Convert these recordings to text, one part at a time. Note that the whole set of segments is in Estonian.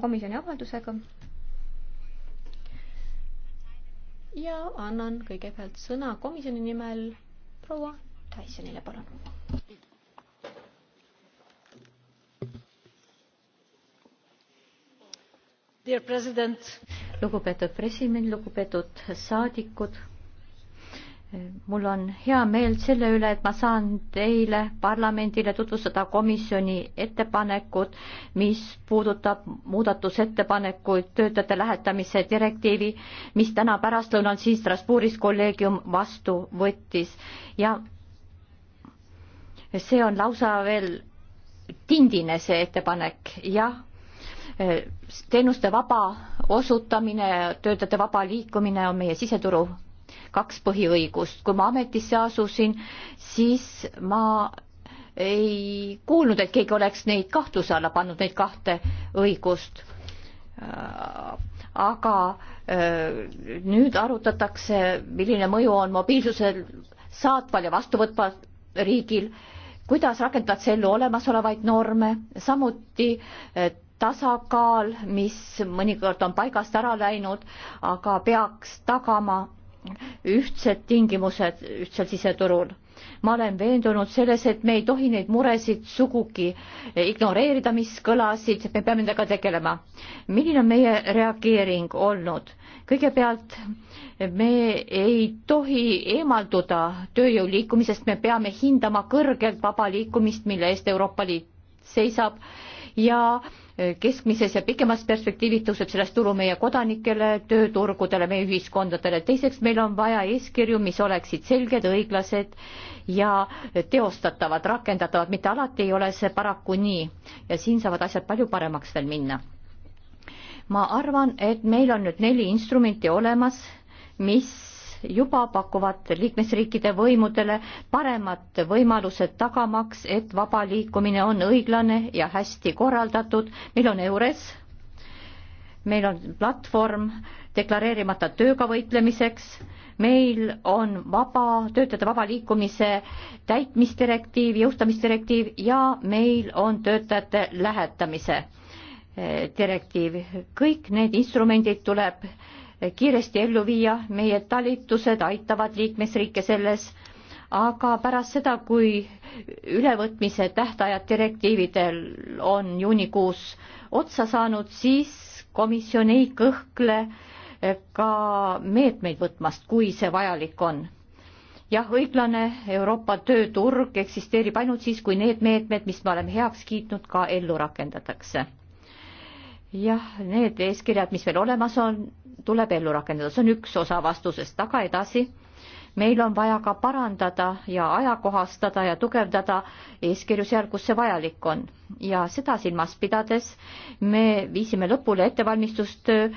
komisjoni avaldusega. ja annan kõigepealt sõna komisjoni nimel proua Tysonile, palun. lugupeetud president, lugupeetud saadikud mul on hea meel selle üle, et ma saan teile, parlamendile tutvustada komisjoni ettepanekut, mis puudutab muudatusettepanekuid töötajate lähetamise direktiivi, mis täna pärastlõunal siin Strasbourgis kolleegium vastu võttis ja see on lausa veel tindine, see ettepanek, jah e, teenuste vaba osutamine, töötajate vaba liikumine on meie siseturu kaks põhiõigust. kui ma ametisse asusin, siis ma ei kuulnud, et keegi oleks neid kahtluse alla pannud, neid kahte õigust. Äh, aga äh, nüüd arutatakse, milline mõju on mobiilsusel saatval ja vastuvõtval riigil, kuidas rakendatakse ellu olemasolevaid norme, samuti äh, tasakaal, mis mõnikord on paigast ära läinud, aga peaks tagama ühtsed tingimused ühtsel siseturul. ma olen veendunud selles, et me ei tohi neid muresid sugugi ignoreerida, mis kõlasid, me peame nendega tegelema. milline on meie reageering olnud? kõigepealt me ei tohi eemalduda tööjõu liikumisest, me peame hindama kõrgelt vaba liikumist, mille eest Euroopa Liit seisab ja keskmises ja pikemas perspektiivis tõuseb sellest tulu meie kodanikele, tööturgudele, meie ühiskondadele. teiseks, meil on vaja eeskirju, mis oleksid selged, õiglased ja teostatavad, rakendatavad, mitte alati ei ole see paraku nii ja siin saavad asjad palju paremaks veel minna. ma arvan, et meil on nüüd neli instrumenti olemas, mis juba pakuvad liikmesriikide võimudele paremad võimalused tagamaks, et vaba liikumine on õiglane ja hästi korraldatud. meil on EURES, meil on platvorm deklareerimata tööga võitlemiseks, meil on vaba, töötajate vaba liikumise täitmisdirektiiv, jõustamisdirektiiv ja meil on töötajate lähetamise eh, direktiiv. kõik need instrumendid tuleb kiiresti ellu viia, meie talitused aitavad liikmesriike selles, aga pärast seda, kui ülevõtmise tähtajad direktiividel on juunikuus otsa saanud, siis komisjon ei kõhkle eh, ka meetmeid võtmast, kui see vajalik on jah, õiglane Euroopa tööturg eksisteerib ainult siis, kui need meetmed, mis me oleme heaks kiitnud, ka ellu rakendatakse jah, need eeskirjad, mis veel olemas on, tuleb ellu rakendada, see on üks osa vastusest, aga edasi meil on vaja ka parandada ja ajakohastada ja tugevdada eeskirju seal, kus see vajalik on. ja seda silmas pidades me viisime lõpule ettevalmistustöö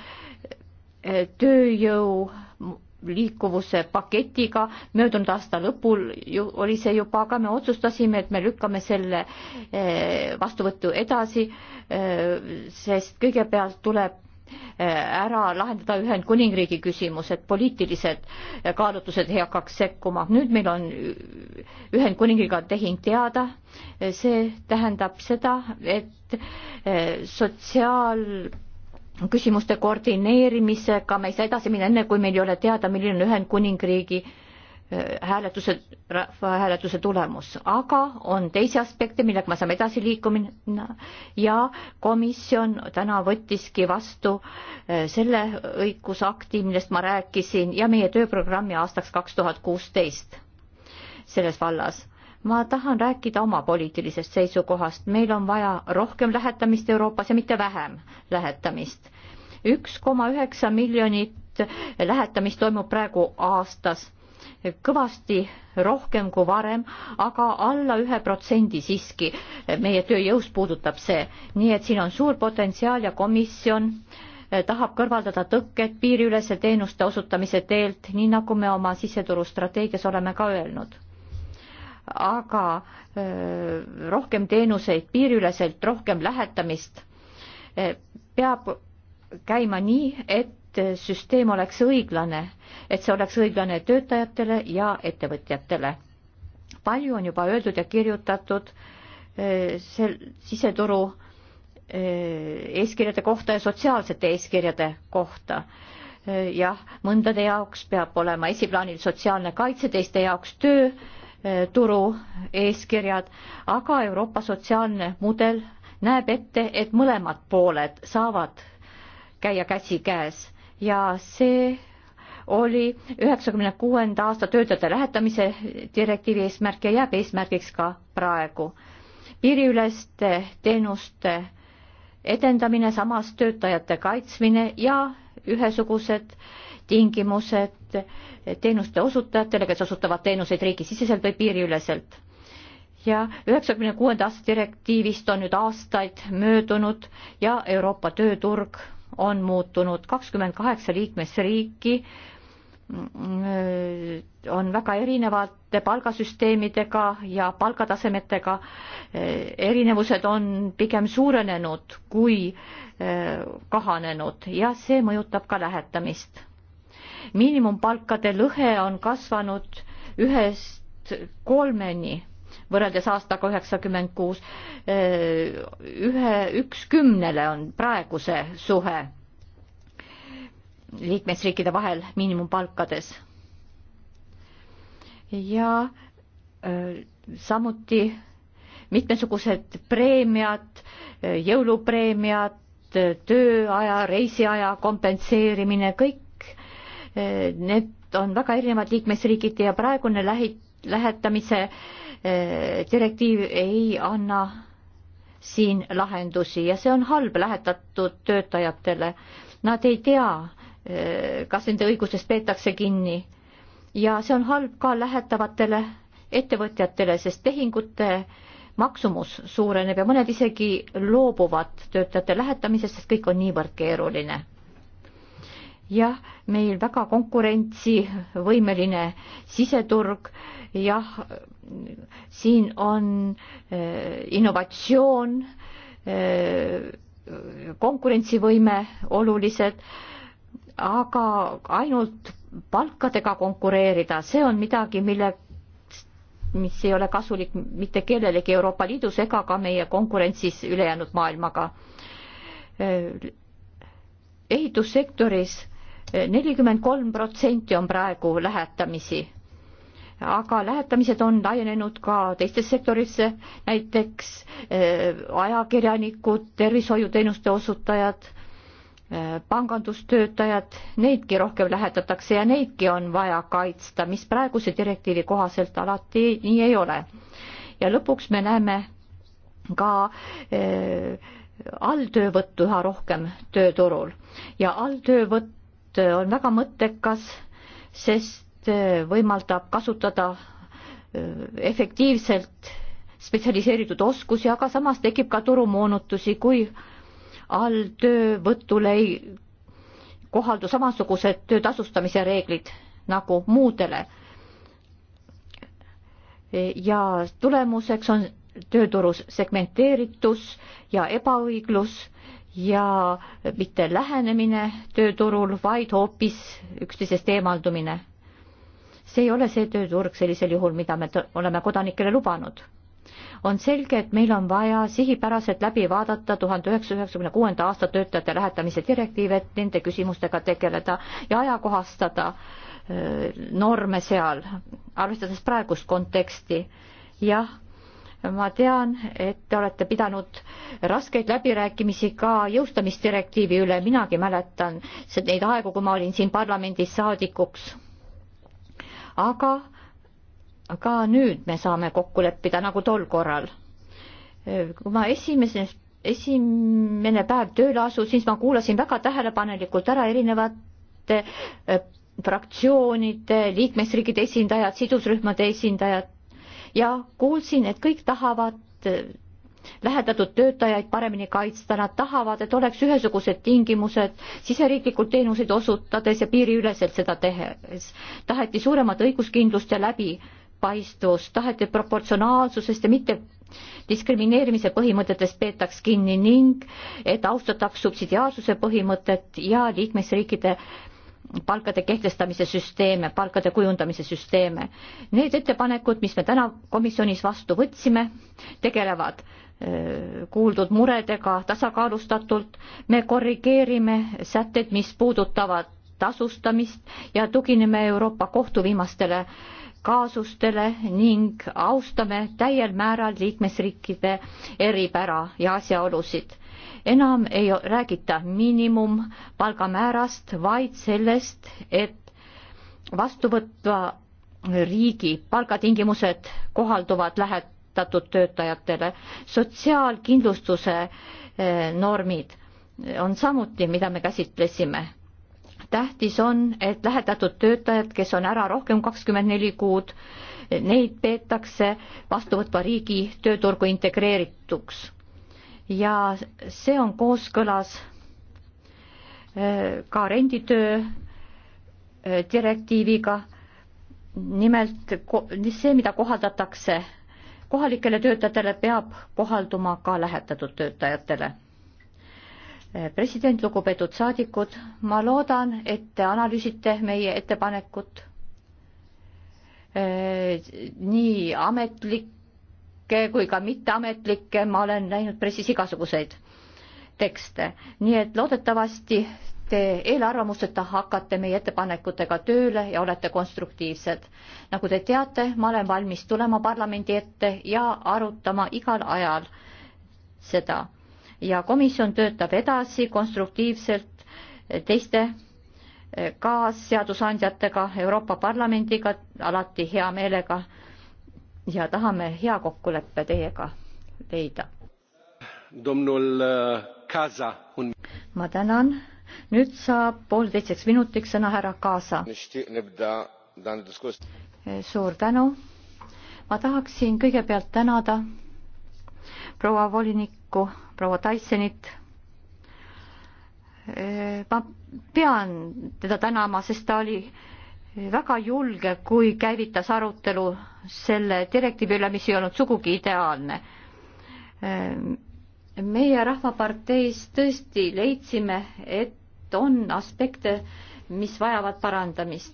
tööjõu liikuvuse paketiga, möödunud aasta lõpul ju oli see juba, aga me otsustasime, et me lükkame selle eh, vastuvõttu edasi, eh, sest kõigepealt tuleb eh, ära lahendada Ühendkuningriigi küsimus, et poliitilised kaalutlused ei hakkaks sekkuma. nüüd meil on Ühendkuningriigiga tehing teada, see tähendab seda, et sotsiaal küsimuste koordineerimisega me ei saa edasi minna, enne kui meil ei ole teada, milline on Ühendkuningriigi äh, hääletuse, rahvahääletuse tulemus, aga on teisi aspekte, millega me saame edasi liikumine ja komisjon täna võttiski vastu äh, selle õigusakti, millest ma rääkisin ja meie tööprogrammi aastaks kaks tuhat kuusteist selles vallas ma tahan rääkida oma poliitilisest seisukohast, meil on vaja rohkem lähetamist Euroopas ja mitte vähem lähetamist. üks koma üheksa miljonit lähetamist toimub praegu aastas, kõvasti rohkem kui varem, aga alla ühe protsendi siiski meie tööjõust puudutab see, nii et siin on suur potentsiaal ja komisjon tahab kõrvaldada tõkked piiriülese teenuste osutamise teelt, nii nagu me oma siseturustrateegias oleme ka öelnud aga rohkem teenuseid piiriüleselt, rohkem lähetamist peab käima nii, et süsteem oleks õiglane, et see oleks õiglane töötajatele ja ettevõtjatele. palju on juba öeldud ja kirjutatud sel siseturu eeskirjade kohta ja sotsiaalsete eeskirjade kohta. jah, mõndade jaoks peab olema esiplaanil sotsiaalne kaitse, teiste jaoks töö turu eeskirjad, aga Euroopa sotsiaalne mudel näeb ette, et mõlemad pooled saavad käia käsikäes ja see oli üheksakümne kuuenda aasta töötajate lähetamise direktiivi eesmärk ja jääb eesmärgiks ka praegu. piiriüleste teenuste edendamine, samas töötajate kaitsmine ja ühesugused äh, tingimused teenuste osutajatele, kes osutavad teenuseid riigisiseselt või piiriüleselt. ja üheksakümne kuuenda aasta direktiivist on nüüd aastaid möödunud ja Euroopa tööturg on muutunud, kakskümmend kaheksa liikmesriiki mm, on väga erinevate palgasüsteemidega ja palgatasemetega. erinevused on pigem suurenenud kui eh, kahanenud ja see mõjutab ka lähetamist miinimumpalkade lõhe on kasvanud ühest kolmeni võrreldes aastaga üheksakümmend kuus. ühe, üks kümnele on praeguse suhe liikmesriikide vahel miinimumpalkades. ja samuti mitmesugused preemiad, jõulupreemiad, tööaja, reisiaja kompenseerimine, kõik Need on väga erinevad liikmesriigid ja praegune lähi-, lähetamise eh, direktiiv ei anna siin lahendusi ja see on halb lähetatud töötajatele. Nad ei tea, eh, kas nende õigusest peetakse kinni ja see on halb ka lähetavatele ettevõtjatele, sest tehingute maksumus suureneb ja mõned isegi loobuvad töötajate lähetamisest, sest kõik on niivõrd keeruline jah, meil väga konkurentsivõimeline siseturg, jah, siin on äh, innovatsioon, äh, konkurentsivõime olulised, aga ainult palkadega konkureerida, see on midagi, mille mis ei ole kasulik mitte kellelegi Euroopa Liidus ega ka meie konkurentsis ülejäänud maailmaga. Äh, ehitussektoris nelikümmend kolm protsenti on praegu lähetamisi, aga lähetamised on laienenud ka teistesse sektorisse, näiteks eh, ajakirjanikud, tervishoiuteenuste osutajad, eh, pangandustöötajad, neidki rohkem lähetatakse ja neidki on vaja kaitsta, mis praeguse direktiivi kohaselt alati nii ei ole. ja lõpuks me näeme ka eh, alltöövõttu üha rohkem tööturul ja alltöövõtt raport on väga mõttekas, sest äh, võimaldab kasutada äh, efektiivselt spetsialiseeritud oskusi, aga samas tekib ka turumoonutusi, kui alltöövõtule ei kohaldu samasugused töötasustamise reeglid nagu muudele. ja tulemuseks on tööturus segmenteeritus ja ebaõiglus ja mitte lähenemine tööturul, vaid hoopis üksteisest eemaldumine. see ei ole see tööturg sellisel juhul, mida me oleme kodanikele lubanud. on selge, et meil on vaja sihipäraselt läbi vaadata tuhande üheksasaja üheksakümne kuuenda aasta töötajate lähetamise direktiiv, et nende küsimustega tegeleda ja ajakohastada äh, norme seal, arvestades praegust konteksti. jah ma tean, et te olete pidanud raskeid läbirääkimisi ka jõustamisdirektiivi üle, minagi mäletan neid aegu, kui ma olin siin parlamendis saadikuks. aga ka nüüd me saame kokku leppida nagu tol korral. kui ma esimeses, esimene päev tööle asusin, siis ma kuulasin väga tähelepanelikult ära erinevate eh, fraktsioonide, liikmesriikide esindajad, sidusrühmade esindajad ja kuulsin, et kõik tahavad äh, lähedatud töötajaid paremini kaitsta, nad tahavad, et oleks ühesugused tingimused siseriiklikult teenuseid osutades ja piiriüleselt seda tehes. taheti suuremat õiguskindlust ja läbipaistvust, taheti proportsionaalsusest ja mitte diskrimineerimise põhimõtetest peetaks kinni ning et austataks subsidiaarsuse põhimõtet ja liikmesriikide palkade kehtestamise süsteeme, palkade kujundamise süsteeme. Need ettepanekud, mis me täna komisjonis vastu võtsime, tegelevad äh, kuuldud muredega tasakaalustatult. me korrigeerime sätted, mis puudutavad tasustamist ja tugineme Euroopa Kohtu viimastele kaasustele ning austame täiel määral liikmesriikide eripära ja asjaolusid enam ei räägita miinimumpalgamäärast, vaid sellest, et vastuvõtva riigi palgatingimused kohalduvad lähetatud töötajatele. sotsiaalkindlustuse eh, normid on samuti, mida me käsitlesime. tähtis on, et lähetatud töötajad, kes on ära rohkem kakskümmend neli kuud, neid peetakse vastuvõtva riigi tööturgu integreerituks ja see on kooskõlas äh, ka renditöö äh, direktiiviga. nimelt see, mida kohaldatakse kohalikele töötajatele, peab kohalduma ka lähetatud töötajatele. Äh, president, lugupeetud saadikud, ma loodan, et te analüüsite meie ettepanekut. nii ametlik ametlikke kui ka mitteametlikke, ma olen näinud pressis igasuguseid tekste, nii et loodetavasti te eelarvamusteta hakkate meie ettepanekutega tööle ja olete konstruktiivsed. nagu te teate, ma olen valmis tulema parlamendi ette ja arutama igal ajal seda ja komisjon töötab edasi konstruktiivselt teiste eh, kaasseadusandjatega, Euroopa Parlamendiga, alati hea meelega ja tahame hea kokkuleppe teiega leida. Äh, un... ma tänan, nüüd saab poolteiseks minutiks sõna härra Kaasa. Äh, suur tänu. ma tahaksin kõigepealt tänada proua volinikku, proua Tysonit. Äh, ma pean teda tänama, sest ta oli väga julge, kui käivitas arutelu selle direktiivi üle, mis ei olnud sugugi ideaalne. meie Rahvaparteis tõesti leidsime, et on aspekte, mis vajavad parandamist,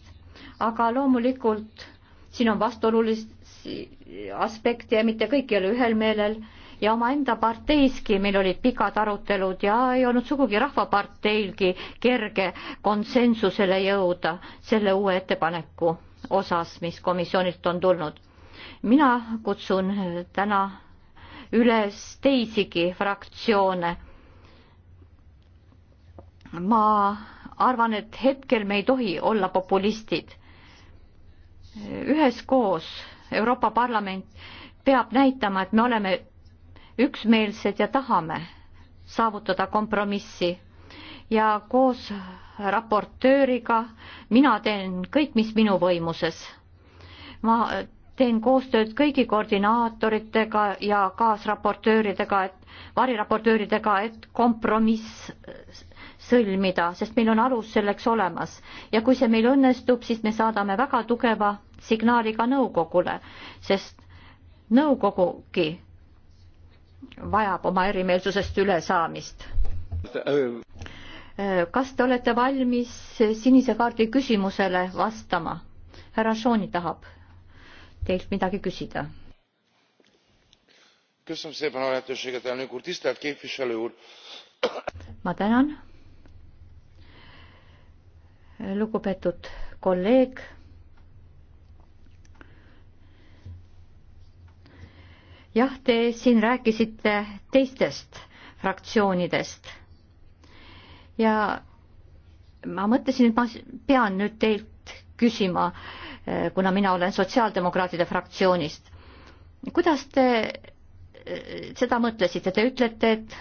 aga loomulikult siin on vastuolulisi aspekte ja mitte kõik ei ole ühel meelel ja omaenda parteiski meil olid pikad arutelud ja ei olnud sugugi Rahvaparteilgi kerge konsensusele jõuda selle uue ettepaneku osas, mis komisjonilt on tulnud. mina kutsun täna üles teisigi fraktsioone. ma arvan, et hetkel me ei tohi olla populistid. üheskoos Euroopa Parlament peab näitama, et me oleme üksmeelsed ja tahame saavutada kompromissi ja koos raportööriga mina teen kõik, mis minu võimuses. ma teen koostööd kõigi koordinaatoritega ja kaasraportööridega, et variraportööridega, et kompromiss sõlmida, sest meil on alus selleks olemas ja kui see meil õnnestub, siis me saadame väga tugeva signaali ka nõukogule, sest nõukogugi vajab oma erimeelsusest ülesaamist. kas te olete valmis sinise kaardi küsimusele vastama? härra Šooni tahab teilt midagi küsida. ma tänan. lugupeetud kolleeg jah, te siin rääkisite teistest fraktsioonidest ja ma mõtlesin, et ma pean nüüd teilt küsima, eh, kuna mina olen sotsiaaldemokraatide fraktsioonist. kuidas te eh, seda mõtlesite, te ütlete, et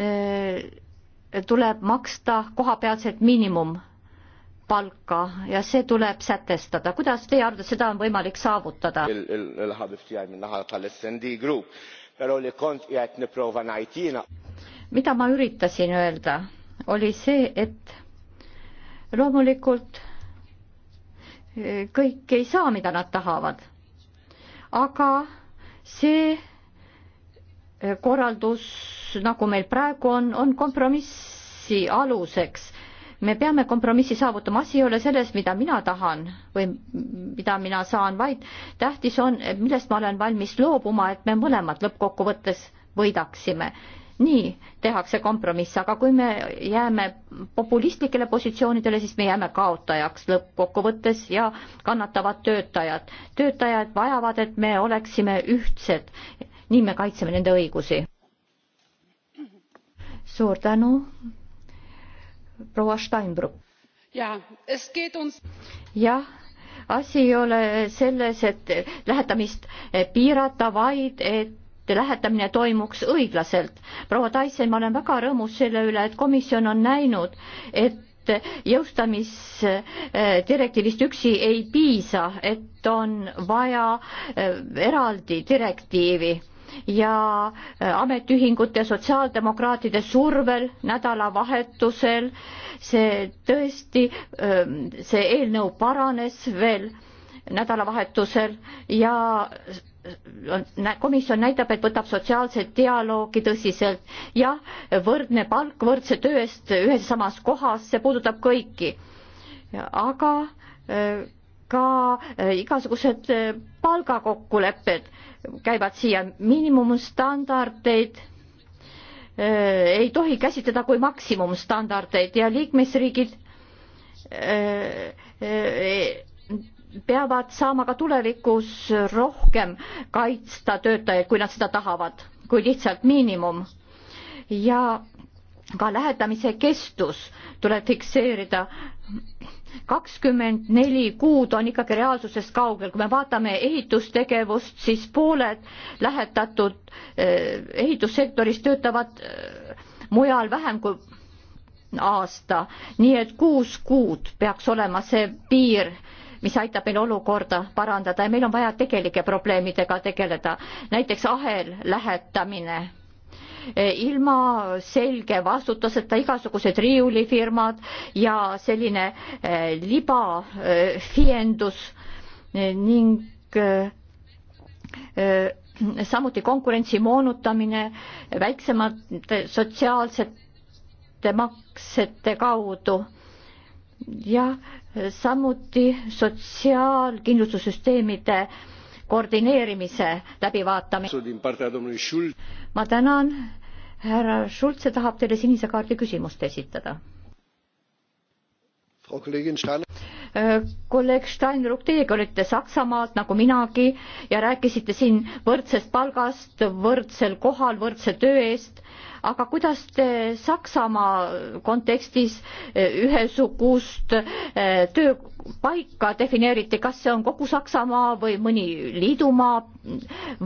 eh, tuleb maksta kohapealset miinimum palka ja see tuleb sätestada. kuidas teie arvates seda on võimalik saavutada? mida ma üritasin öelda, oli see, et loomulikult e, kõik ei saa, mida nad tahavad. aga see e, korraldus, nagu meil praegu on, on kompromissi aluseks me peame kompromissi saavutama, asi ei ole selles, mida mina tahan või mida mina saan, vaid tähtis on, millest ma olen valmis loobuma, et me mõlemad lõppkokkuvõttes võidaksime. nii tehakse kompromiss, aga kui me jääme populistlikele positsioonidele, siis me jääme kaotajaks lõppkokkuvõttes ja kannatavad töötajad. töötajad vajavad, et me oleksime ühtsed, nii me kaitseme nende õigusi. suur tänu proua Steinbrück. jah, asi ei ole selles, et lähetamist piirata, vaid et lähetamine toimuks õiglaselt. proua Tyson, ma olen väga rõõmus selle üle, et komisjon on näinud, et jõustamisdirektiivist üksi ei piisa, et on vaja eh, eraldi direktiivi ja äh, ametiühingute sotsiaaldemokraatide survel nädalavahetusel see tõesti, ähm, see eelnõu paranes veel nädalavahetusel ja äh, komisjon näitab, et võtab sotsiaalset dialoogi tõsiselt. jah, võrdne palk võrdse töö eest ühes ja samas kohas, see puudutab kõiki. aga äh, ka eh, igasugused eh, palgakokkulepped käivad siia, miinimumstandardeid eh, ei tohi käsitleda kui maksimumstandardeid ja liikmesriigid peavad saama ka tulevikus rohkem kaitsta töötajaid, kui nad seda tahavad, kui lihtsalt miinimum ja ka lähetamise kestus tuleb fikseerida. kakskümmend neli kuud on ikkagi reaalsusest kaugel, kui me vaatame ehitustegevust, siis pooled lähetatud eh, ehitussektoris töötavad eh, mujal vähem kui aasta, nii et kuus kuud peaks olema see piir mis aitab meil olukorda parandada ja meil on vaja tegelike probleemidega tegeleda, näiteks ahel lähetamine ilma selge vastutuseta igasugused riiulifirmad ja selline eh, libafiendus eh, ning eh, samuti konkurentsi moonutamine väiksemate sotsiaalsete maksete kaudu ja samuti sotsiaalkindlustussüsteemide koordineerimise läbivaatamine. ma tänan, härra Schulze tahab teile sinise kaardi küsimust esitada. Äh, kolleeg Steinruck, teiegi olite Saksamaalt nagu minagi ja rääkisite siin võrdsest palgast, võrdsel kohal, võrdse töö eest aga kuidas te Saksamaa kontekstis e, ühesugust e, tööpaika defineerite, kas see on kogu Saksamaa või mõni liidumaa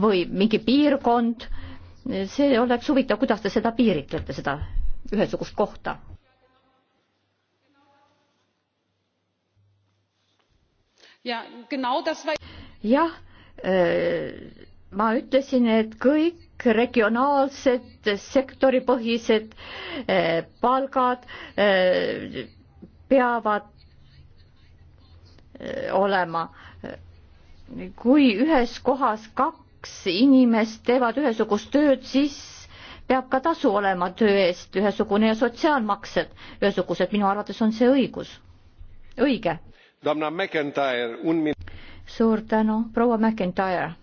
või mingi piirkond? E, see oleks huvitav, kuidas te seda piiritlete, seda ühesugust kohta? jah, ma ütlesin, et kõik regionaalsed, sektoripõhised eh, palgad eh, peavad eh, olema. kui ühes kohas kaks inimest teevad ühesugust tööd, siis peab ka tasu olema töö eest ühesugune ja sotsiaalmaksed ühesugused, minu arvates on see õigus, õige. suur tänu, proua McIntyre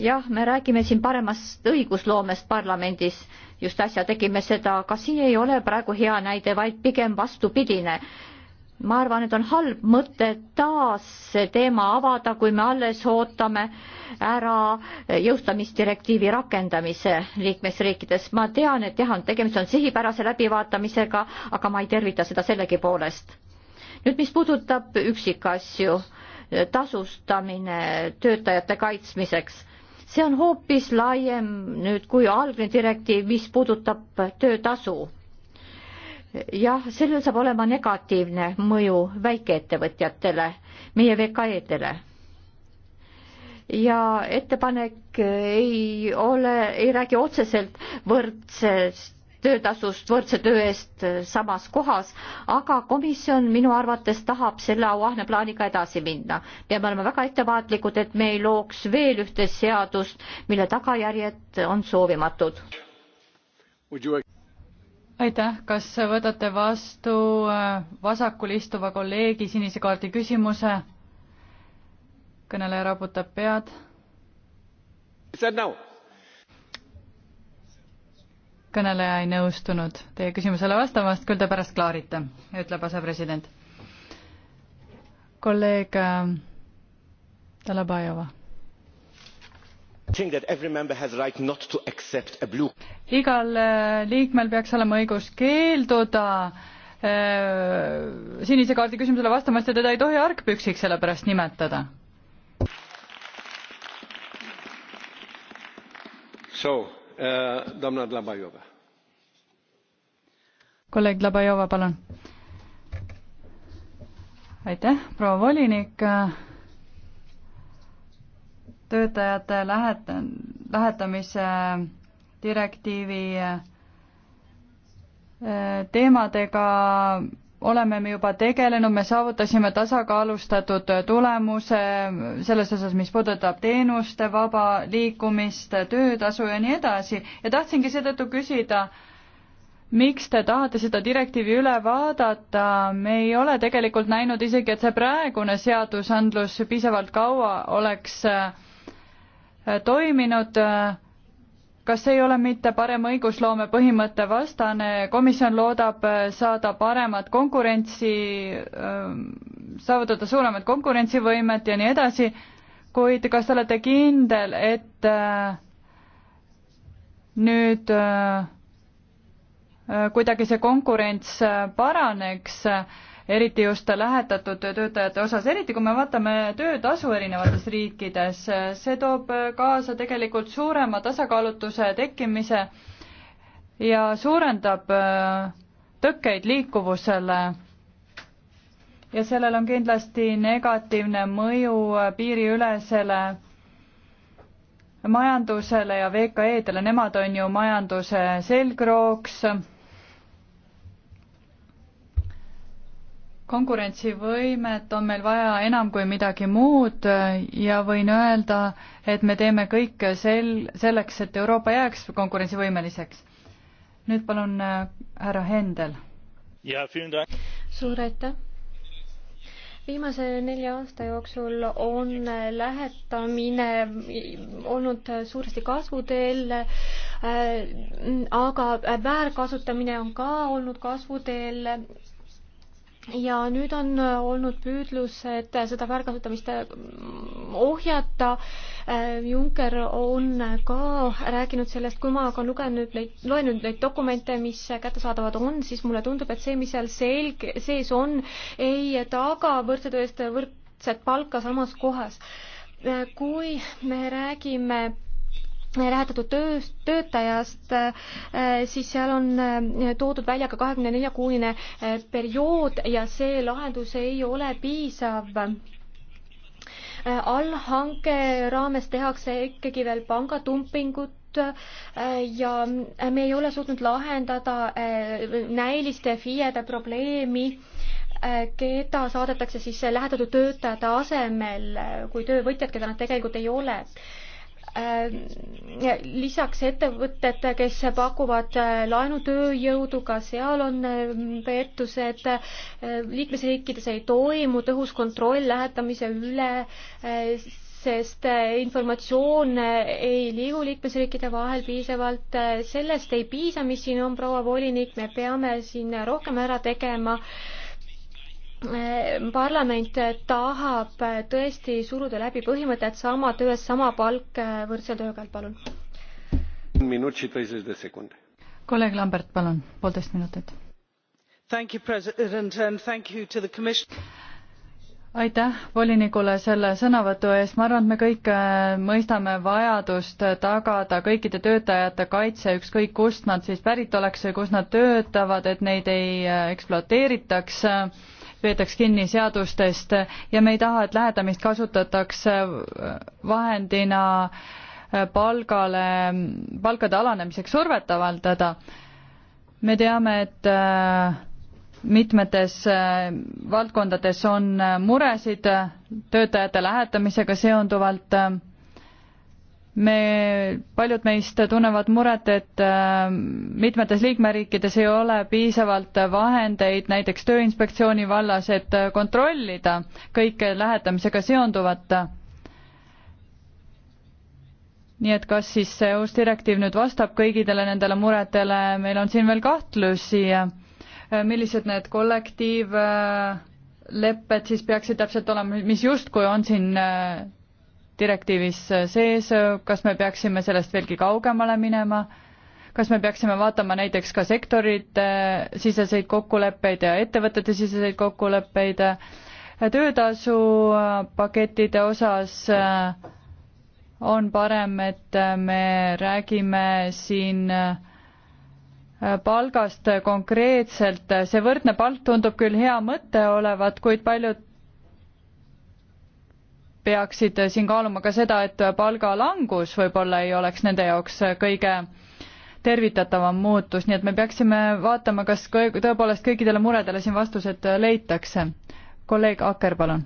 jah, me räägime siin paremast õigusloomest parlamendis, just äsja tegime seda, aga siin ei ole praegu hea näide, vaid pigem vastupidine. ma arvan, et on halb mõte taas see teema avada, kui me alles ootame ära jõustamisdirektiivi rakendamise liikmesriikides. ma tean, et jah, on tegemist on sihipärase läbivaatamisega, aga ma ei tervita seda sellegipoolest. nüüd, mis puudutab üksikasju tasustamine töötajate kaitsmiseks see on hoopis laiem nüüd kui algne direktiiv, mis puudutab töötasu. jah, sellel saab olema negatiivne mõju väikeettevõtjatele, meie VKE-dele. ja ettepanek ei ole, ei räägi otseselt võrdsest töötasust võrdse töö eest äh, samas kohas, aga komisjon minu arvates tahab selle auahne plaaniga edasi minna. peame olema väga ettevaatlikud, et me ei looks veel ühte seadust, mille tagajärjed on soovimatud. aitäh, kas võtate vastu äh, vasakul istuva kolleegi sinise kaardi küsimuse? kõneleja raputab pead. Is that now? kõneleja ei nõustunud teie küsimusele vastamast, küll te pärast klaarite, ütleb asepresident. kolleeg Talabajova. Äh, igal äh, liikmel peaks olema õigus keelduda äh, sinise kaardi küsimusele vastamast ja teda ei tohi argpüksiks selle pärast nimetada. So doamna Dlabajova. kolleeg Dlabajova, palun. aitäh, proua volinik. töötajate lähet-, lähetamise direktiivi eh, teemadega oleme me juba tegelenud, me saavutasime tasakaalustatud tulemuse selles osas, mis puudutab teenuste vaba liikumist, töötasu ja nii edasi ja tahtsingi seetõttu küsida, miks te tahate seda direktiivi üle vaadata, me ei ole tegelikult näinud isegi, et see praegune seadusandlus piisavalt kaua oleks äh, toiminud äh, kas ei ole mitte parem õigusloome põhimõtte vastane, komisjon loodab äh, saada paremat konkurentsi, ähm, saavutada suuremat konkurentsivõimet ja nii edasi, kuid kas te olete kindel, et äh, nüüd äh, kuidagi see konkurents paraneks, eriti just lähetatud töötajate osas, eriti kui me vaatame töötasu erinevates riikides, see toob kaasa tegelikult suurema tasakaalutuse tekkimise ja suurendab äh, tõkkeid liikuvusele. ja sellel on kindlasti negatiivne mõju äh, piiriülesele majandusele ja VKE-dele, nemad on ju majanduse selgrooks konkurentsivõimet on meil vaja enam kui midagi muud äh, ja võin öelda, et me teeme kõik sel-, selleks, et Euroopa jääks konkurentsivõimeliseks. nüüd palun äh, härra Hendel. suur aitäh viimase nelja aasta jooksul on lähetamine olnud suuresti kasvuteel, äh, aga väärkasutamine on ka olnud kasvuteel ja nüüd on olnud püüdlused seda väärkasutamist mm, ohjata. Äh, Juncker on ka rääkinud sellest, kui ma aga lugen nüüd neid, loen nüüd neid dokumente, mis kättesaadavad on, siis mulle tundub, et see, mis seal selg-, sees on, ei taga võrdse töö eest võrdset palka samas kohas. Äh, kui me räägime lähetatud tööst, töötajast, äh, siis seal on äh, toodud välja ka kahekümne nelja kuune äh, periood ja see lahendus ei ole piisav allhanke raames tehakse ikkagi veel pangatumpingut ja me ei ole suutnud lahendada näiliste FIE-de probleemi, keda saadetakse siis lähedatud töötajate asemel kui töövõtjad, keda nad tegelikult ei ole Äh, lisaks ettevõtted, kes pakuvad äh, laenutööjõudu, ka seal on äh, pettused, liikmesriikides ei toimu tõhus kontroll lähetamise üle, sest informatsioon ei liigu liikmesriikide vahel piisavalt, sellest ei piisa, mis siin on, proua volinik, me peame siin rohkem ära tegema parlament tahab tõesti suruda läbi põhimõtet sama töö eest sama palk äh, võrdse töö pealt, palun. kolleeg Lambert, palun, poolteist minutit. aitäh volinikule selle sõnavõtu eest, ma arvan, et me kõik äh, mõistame vajadust tagada kõikide töötajate kaitse, ükskõik kust nad siis pärit oleks või kus nad töötavad, et neid ei äh, ekspluateeritaks peetaks kinni seadustest ja me ei taha, et lähetamist kasutatakse vahendina palgale, palkade alanemiseks survet avaldada. me teame, et äh, mitmetes äh, valdkondades on äh, muresid töötajate lähetamisega seonduvalt me, paljud meist tunnevad muret, et äh, mitmetes liikmeriikides ei ole piisavalt vahendeid näiteks Tööinspektsiooni vallas, et äh, kontrollida kõike lähetamisega seonduvat. nii et kas siis see uus direktiiv nüüd vastab kõigidele nendele muredele, meil on siin veel kahtlusi, äh, millised need kollektiivlepped siis peaksid täpselt olema, mis justkui on siin direktiivis sees, kas me peaksime sellest veelgi kaugemale minema, kas me peaksime vaatama näiteks ka sektorite siseseid kokkuleppeid ja ettevõtete siseseid kokkuleppeid, töötasu pakettide osas on parem, et me räägime siin palgast konkreetselt, see võrdne palk tundub küll hea mõte olevat, kuid paljud peaksid siin kaaluma ka seda, et palgalangus võib-olla ei oleks nende jaoks kõige tervitatavam muutus, nii et me peaksime vaatama, kas kõik, tõepoolest kõikidele muredele siin vastused leitakse. kolleeg Aker, palun.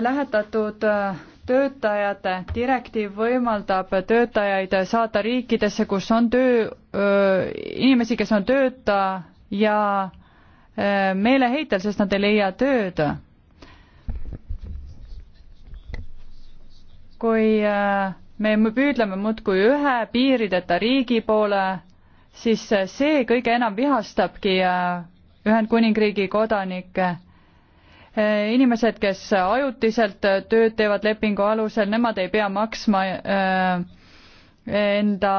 lähetatud töötajate direktiiv võimaldab töötajaid saata riikidesse, kus on töö, inimesi, kes on tööta ja meeleheitel, sest nad ei leia tööd kui äh, me püüdleme muudkui ühe piirideta riigi poole, siis äh, see kõige enam vihastabki äh, Ühendkuningriigi kodanikke. inimesed, kes ajutiselt tööd teevad lepingu alusel, nemad ei pea maksma enda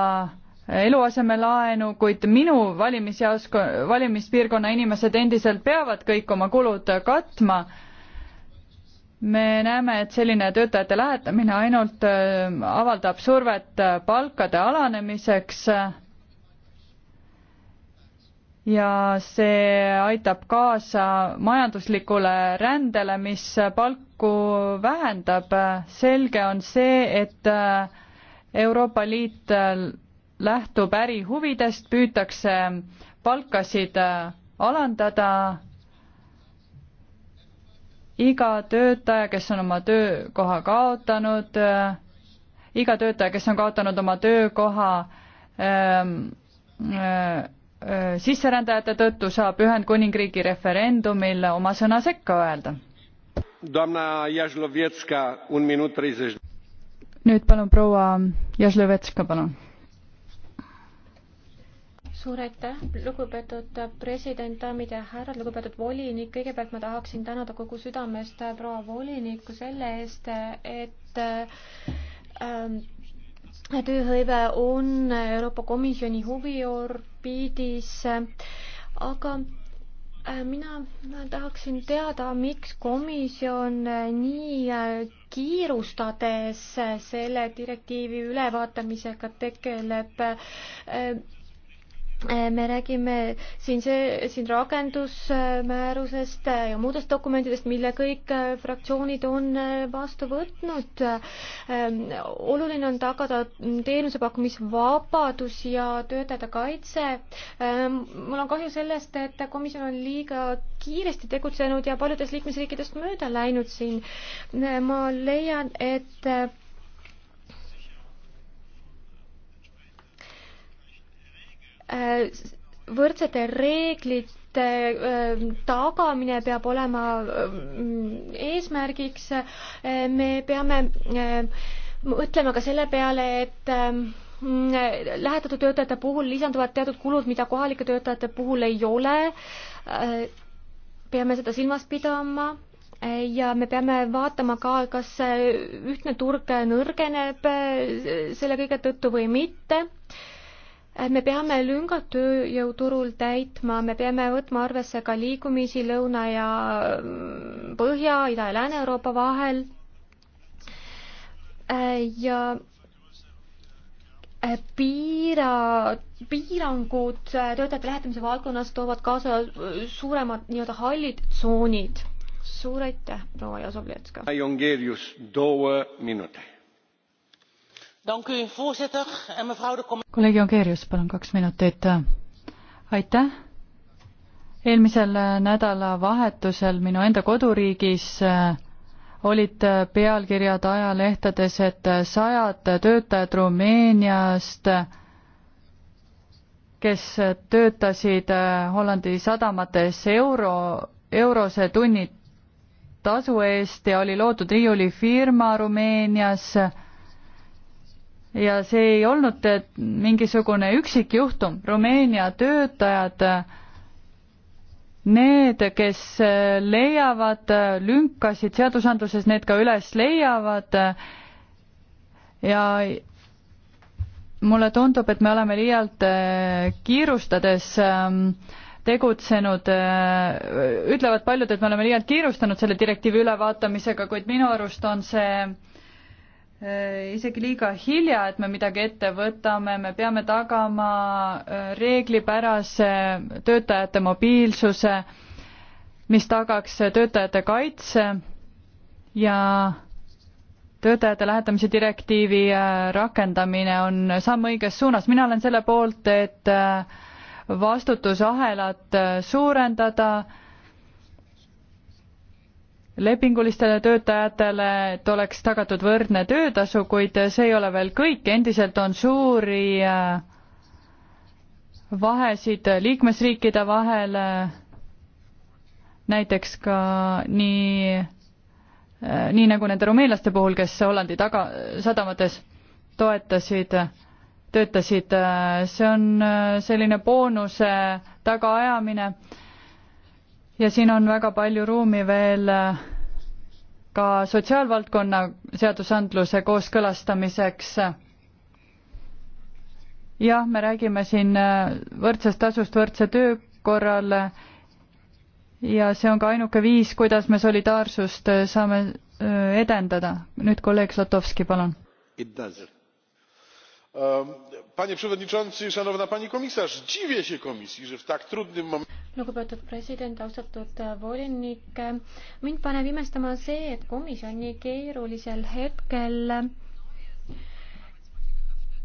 eluasemelaenu, kuid minu valimisjaosko-, valimispiirkonna inimesed endiselt peavad kõik oma kulud katma me näeme, et selline töötajate lähetamine ainult äh, avaldab survet äh, palkade alanemiseks ja see aitab kaasa majanduslikule rändele, mis palku vähendab. selge on see, et äh, Euroopa Liit lähtub ärihuvidest, püütakse palkasid alandada iga töötaja, kes on oma töökoha kaotanud, äh, iga töötaja, kes on kaotanud oma töökoha ähm, äh, äh, sisserändajate tõttu, saab Ühendkuningriigi referendumil oma sõna sekka öelda. nüüd palun proua Jažlovetska, palun suur aitäh, lugupeetud president, daamid ja härrad, lugupeetud volinik, kõigepealt ma tahaksin tänada kogu südamest proua volinikku selle eest, et ähm, tööhõive on Euroopa Komisjoni huviorbiidis, aga äh, mina tahaksin teada, miks komisjon nii äh, kiirustades selle direktiivi ülevaatamisega tegeleb äh, Äh, me räägime siin see, siin rakendusmäärusest äh, ja muudest dokumentidest, mille kõik äh, fraktsioonid on vastu võtnud. Ähm, oluline on tagada teenusepakkumisvabadus ja töötajate kaitse. Ähm, mul on kahju sellest, et komisjon on liiga kiiresti tegutsenud ja paljudest liikmesriikidest mööda läinud siin. ma leian, et Äh, võrdsete reeglite äh, tagamine peab olema äh, eesmärgiks. me peame mõtlema ka selle peale, et lähetatud töötajate puhul lisanduvad teatud kulud, mida kohalike töötajate puhul ei ole. peame seda silmas pidama ja me peame vaatama ka, kas ühtne turg nõrgeneb selle kõige tõttu või mitte Äh, me peame lüngad tööjõuturul täitma, me peame võtma arvesse ka liikumisi Lõuna ja mm, Põhja, Ida ja Lääne-Euroopa vahel. Äh, ja äh, piira, piirangud töötajate lähetamise valdkonnas toovad kaasa suuremad nii-öelda hallid tsoonid. suur aitäh, proua Jasovletska kolleeg Jongeerius, palun kaks minutit. aitäh. eelmisel äh, nädalavahetusel minu enda koduriigis äh, olid äh, pealkirjad ajalehtedes, et sajad töötajad Rumeeniast, kes töötasid Hollandi sadamates euro, eurose tunni tasu eest ja oli loodud riiulifirma Rumeenias ja see ei olnud äh, mingisugune üksikjuhtum, Rumeenia töötajad, äh, need, kes äh, leiavad lünkasid seadusandluses, need ka üles leiavad ja mulle tundub, et me oleme liialt kiirustades ähm, tegutsenud, ütlevad paljud, et me oleme liialt kiirustanud selle direktiivi ülevaatamisega, kuid minu arust on see Äh, isegi liiga hilja, et me midagi ette võtame, me peame tagama äh, reeglipärase töötajate mobiilsuse, mis tagaks töötajate kaitse ja töötajate lähetamise direktiivi äh, rakendamine on samm õiges suunas. mina olen selle poolt, et vastutusahelat suurendada lepingulistele töötajatele, et oleks tagatud võrdne töötasu, kuid see ei ole veel kõik, endiselt on suuri äh, vahesid liikmesriikide vahel, äh, näiteks ka nii, äh, nii nagu nende rumeenlaste puhul, kes Hollandi taga, sadamates toetasid, töötasid, see on selline boonuse tagaajamine ja siin on väga palju ruumi veel äh, ka sotsiaalvaldkonna seadusandluse kooskõlastamiseks. jah, me räägime siin äh, võrdsest tasust võrdse töö korral ja see on ka ainuke viis, kuidas me solidaarsust äh, saame edendada. nüüd kolleeg Zlatovski, palun. Um, panie przewodniczący szanowna pani komisarz! dziwię się komisji że w tak trudnym momencie. Äh, äh, mind paneb imestama see et komisjon nii keerulisel hetkel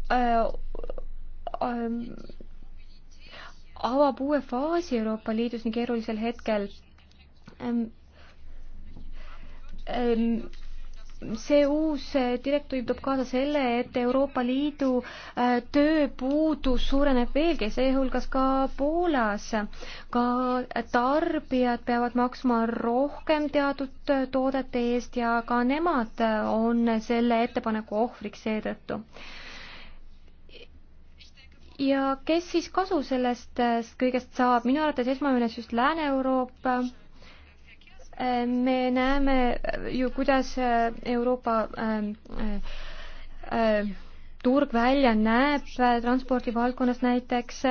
äh, avab uue faasi euroopa liidus nii keerulisel hetkel ähm, ähm, see uus äh, direktiiv toob kaasa selle, et Euroopa Liidu äh, tööpuudus suureneb veelgi, seehulgas ka Poolas. ka tarbijad peavad maksma rohkem teatud äh, toodete eest ja ka nemad on selle ettepaneku ohvriks seetõttu ja kes siis kasu sellest kõigest saab, minu arvates esmajoones just Lääne-Euroopa me näeme ju, kuidas äh, Euroopa ähm, äh, äh, turg välja näeb transpordivaldkonnas näiteks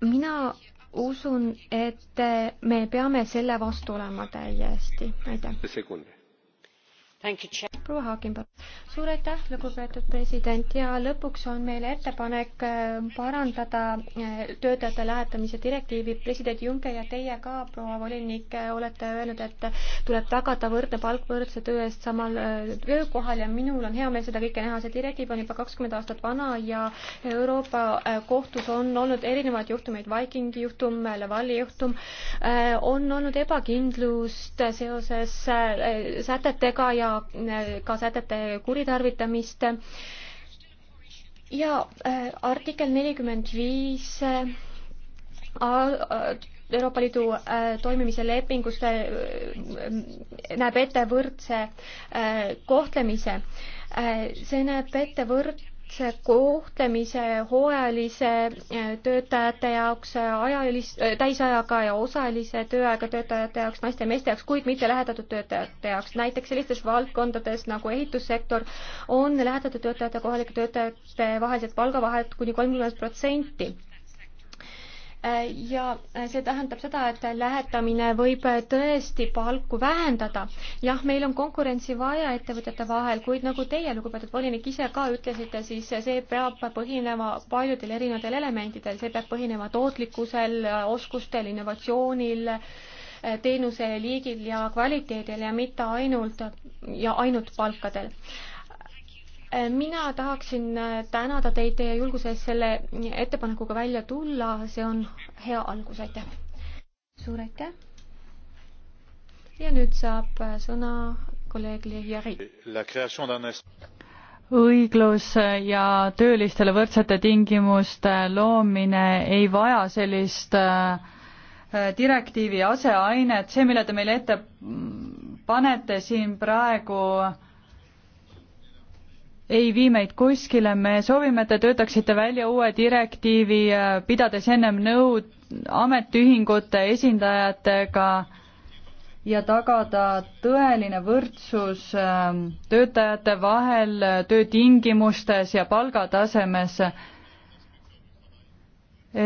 mina usun, et me peame selle vastu olema täiesti, aitäh proua Haakin, palun. suur aitäh, lugupeetud president ja lõpuks on meil ettepanek äh, parandada äh, töötajate lähetamise direktiivi. president Juncker ja teie ka, proua volinik, äh, olete öelnud, et tuleb tagada võrdne palk võrdse töö eest samal töökohal ja minul on hea meel seda kõike näha. see direktiiv on juba kakskümmend aastat vana ja Euroopa kohtus on olnud erinevaid juhtumeid, Vikingi juhtum, Levali juhtum, on olnud ebakindlust seoses sätetega ja vältida äh, ka sätete kuritarvitamist ja äh, artikkel nelikümmend viis äh, Euroopa Liidu toimimise lepingust näeb ette võrdse kohtlemise. see näeb ette võrd-, võrdse kohtlemise hooajalise äh, töötajate jaoks, äh, ajalis-, äh, täisajaga ja osalise tööaega töötajate jaoks, naiste ja meeste jaoks, kuid mitte lähedatud töötajate jaoks. näiteks sellistes valdkondades nagu ehitussektor on lähedatud töötajate ja kohalike töötajate vahelised palgavahed kuni kolmkümmend protsenti ja see tähendab seda, et lähetamine võib tõesti palku vähendada. jah, meil on konkurentsi vaja ettevõtete vahel, kuid nagu teie, lugupeetud volinik, ise ka ütlesite, siis see peab põhinema paljudel erinevatel elementidel, see peab põhinema tootlikkusel, oskustel, innovatsioonil, teenuse liigil ja kvaliteedil ja mitte ainult ja ainult palkadel Äh, mina tahaksin äh, tänada teid teie julguse eest selle ettepanekuga välja tulla, see on hea algus, aitäh. suur aitäh. ja nüüd saab äh, sõna kolleeg Jüri õiglus ja töölistele võrdsete tingimuste loomine ei vaja sellist direktiivi aseainet, see, mille te meile ette mm, panete siin praegu, ei vii meid kuskile, me soovime, et te töötaksite välja uue direktiivi, äh, pidades ennem nõu ametiühingute esindajatega ja tagada tõeline võrdsus ähm, töötajate vahel töötingimustes ja palgatasemes,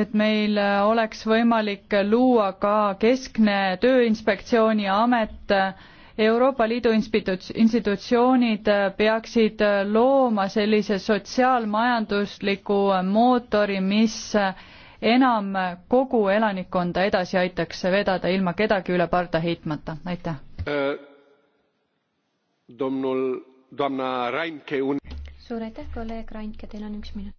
et meil äh, oleks võimalik luua ka keskne Tööinspektsiooni amet, äh, Euroopa Liidu institutsioonid äh, peaksid äh, looma sellise sotsiaalmajandusliku äh, mootori, mis enam kogu elanikkonda edasi aitaks vedada ilma kedagi üle parda heitmata, aitäh. suur aitäh, kolleeg Randke, teil on üks minut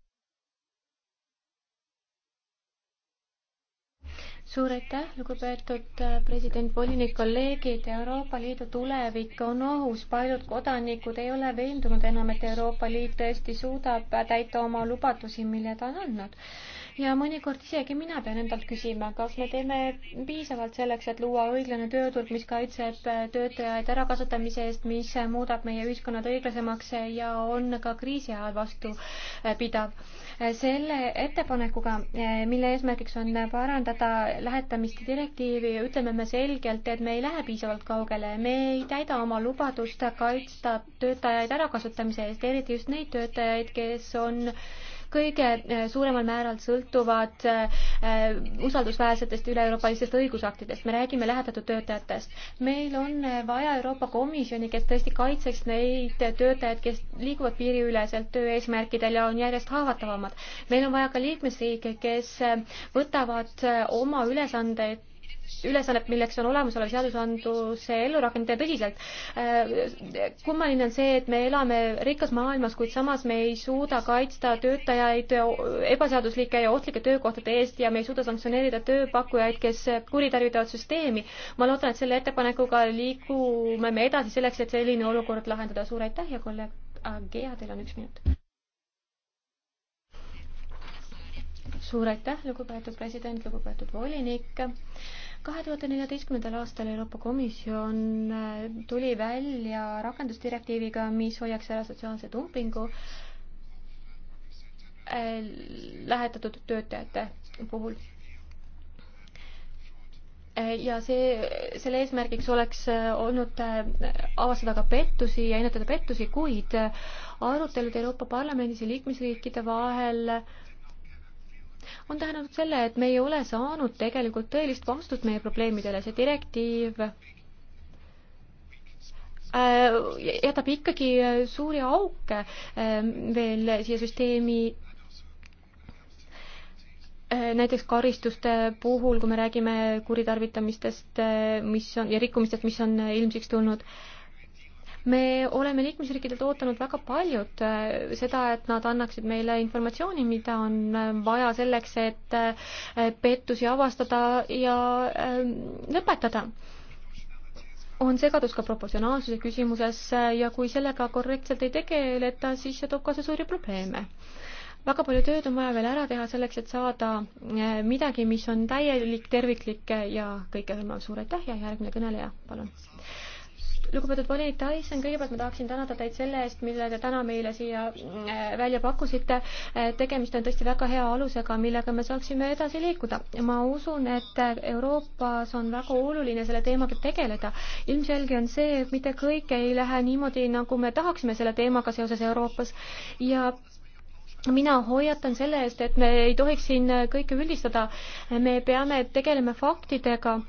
suur aitäh, lugupeetud äh, president, volinik, kolleegid. Euroopa Liidu tulevik on ohus, paljud kodanikud ei ole veendunud enam, et Euroopa Liit tõesti suudab äh, täita oma lubadusi, mille ta on andnud ja mõnikord isegi mina pean endalt küsima, kas me teeme piisavalt selleks, et luua õiglane tööturg, mis kaitseb töötajaid ärakasutamise eest, mis muudab meie ühiskonnad õiglasemaks ja on ka kriisi ajal vastu pidav. selle ettepanekuga, mille eesmärgiks on parandada lähetamiste direktiivi, ütleme me selgelt, et me ei lähe piisavalt kaugele, me ei täida oma lubadust kaitsta töötajaid ärakasutamise eest, eriti just neid töötajaid, kes on äh, kõige eh, suuremal määral sõltuvad eh, usaldusväärsetest üle-euroopalistest õigusaktidest, me räägime lähetatud töötajatest. meil on eh, vaja Euroopa Komisjoni, kes tõesti kaitseks neid töötajaid, kes liiguvad piiriüleselt töö eesmärkidel ja on järjest haavatavamad. meil on vaja ka liikmesriike, kes võtavad oma ülesandeid ülesannet, milleks on olemasolev seadusandluse ellurakendamine tõsiselt. Äh, kummaline on see, et me elame rikkas maailmas, kuid samas me ei suuda kaitsta töötajaid ebaseaduslike ja ohtlike töökohtade eest ja me ei suuda sanktsioneerida tööpakkujaid, kes kuritarvitavad süsteemi. ma loodan, et selle ettepanekuga liigume me edasi selleks, et selline olukord lahendada. suur aitäh ja kolleeg Agea, teil on üks minut. suur aitäh, lugupeetud president, lugupeetud volinik kahe tuhande neljateistkümnendal aastal Euroopa Komisjon äh, tuli välja rakendusdirektiiviga, mis hoiaks ära sotsiaalse dumpingu äh, lähetatud töötajate puhul äh, ja see, selle eesmärgiks oleks olnud avastada ka pettusi ja ennetada pettusi, kuid arutelud Euroopa Parlamendis ja liikmesriikide vahel äh, on tähendanud selle, et me ei ole saanud tegelikult tõelist vastust meie probleemidele, see direktiiv äh, jätab ikkagi äh, suuri auke äh, veel siia süsteemi näiteks karistuste puhul, kui me räägime kuritarvitamistest, mis on, ja rikkumistest, mis on ilmsiks tulnud äh,, me oleme liikmesriikidelt ootanud väga paljut, äh, seda, et nad annaksid meile informatsiooni, mida on äh, vaja selleks, et äh, pettusi avastada ja ähm, lõpetada on segadus ka proportsionaalsuse küsimuses ja kui sellega korrektselt ei tegeleta, siis see toob kaasa suuri probleeme väga palju tööd on vaja veel ära teha selleks, et saada midagi, mis on täielik, terviklik ja kõikehõlmav. suur aitäh ja järgmine kõneleja, palun lugupeetud volinik Tyson, kõigepealt ma tahaksin tänada teid selle eest, mille te täna meile siia äh, välja pakkusite. Äh, tegemist on tõesti väga hea alusega, millega me saaksime edasi liikuda. ma usun, et äh, Euroopas on väga oluline selle teemaga tegeleda. ilmselge on see, et mitte kõik ei lähe niimoodi, nagu me tahaksime selle teemaga seoses Euroopas ja mina hoiatan selle eest, et me ei tohiks siin kõike üldistada. me peame tegelema faktidega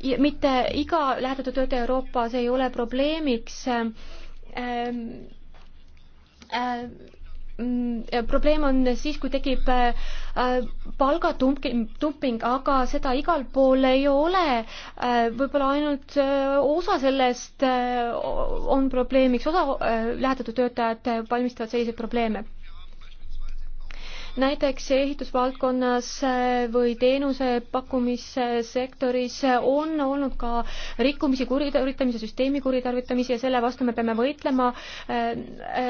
mitte iga lähetatud töötaja Euroopas ei ole probleemiks ähm, ähm äh, probleem on siis, kui tekib äh, palgatumping, aga seda igal pool ei ole. Äh, võib-olla ainult äh, osa sellest on probleemiks, osa lähetatud töötajad valmistavad selliseid probleeme näiteks ehitusvaldkonnas või teenuse pakkumise sektoris on olnud ka rikkumisi, kuritarvitamise, süsteemi kuritarvitamisi ja selle vastu me peame võitlema.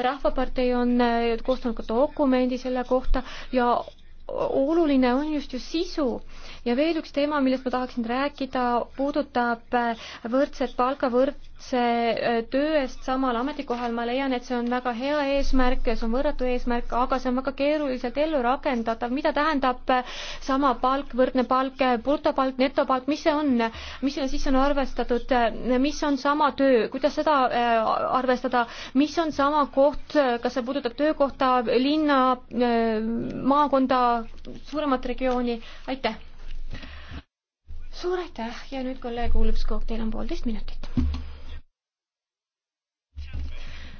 rahvapartei on koostanud ka dokumendi selle kohta ja oluline on just ju sisu ja veel üks teema, millest ma tahaksin rääkida, puudutab võrdset palka võrd-, see äh, töö eest samal ametikohal, ma leian, et see on väga hea eesmärk ja see on võrratu eesmärk, aga see on väga keeruliselt ellu rakendatav. mida tähendab äh, sama palk, võrdne palk, äh, brutopalk, netopalk, mis see on, mis sinna sisse on arvestatud, mis on sama töö, kuidas seda arvestada, mis on sama koht, kas see puudutab töökohta, linna, maakonda, suuremat regiooni, aitäh! suur aitäh ja nüüd kolleeg Ulfskog, teil on poolteist minutit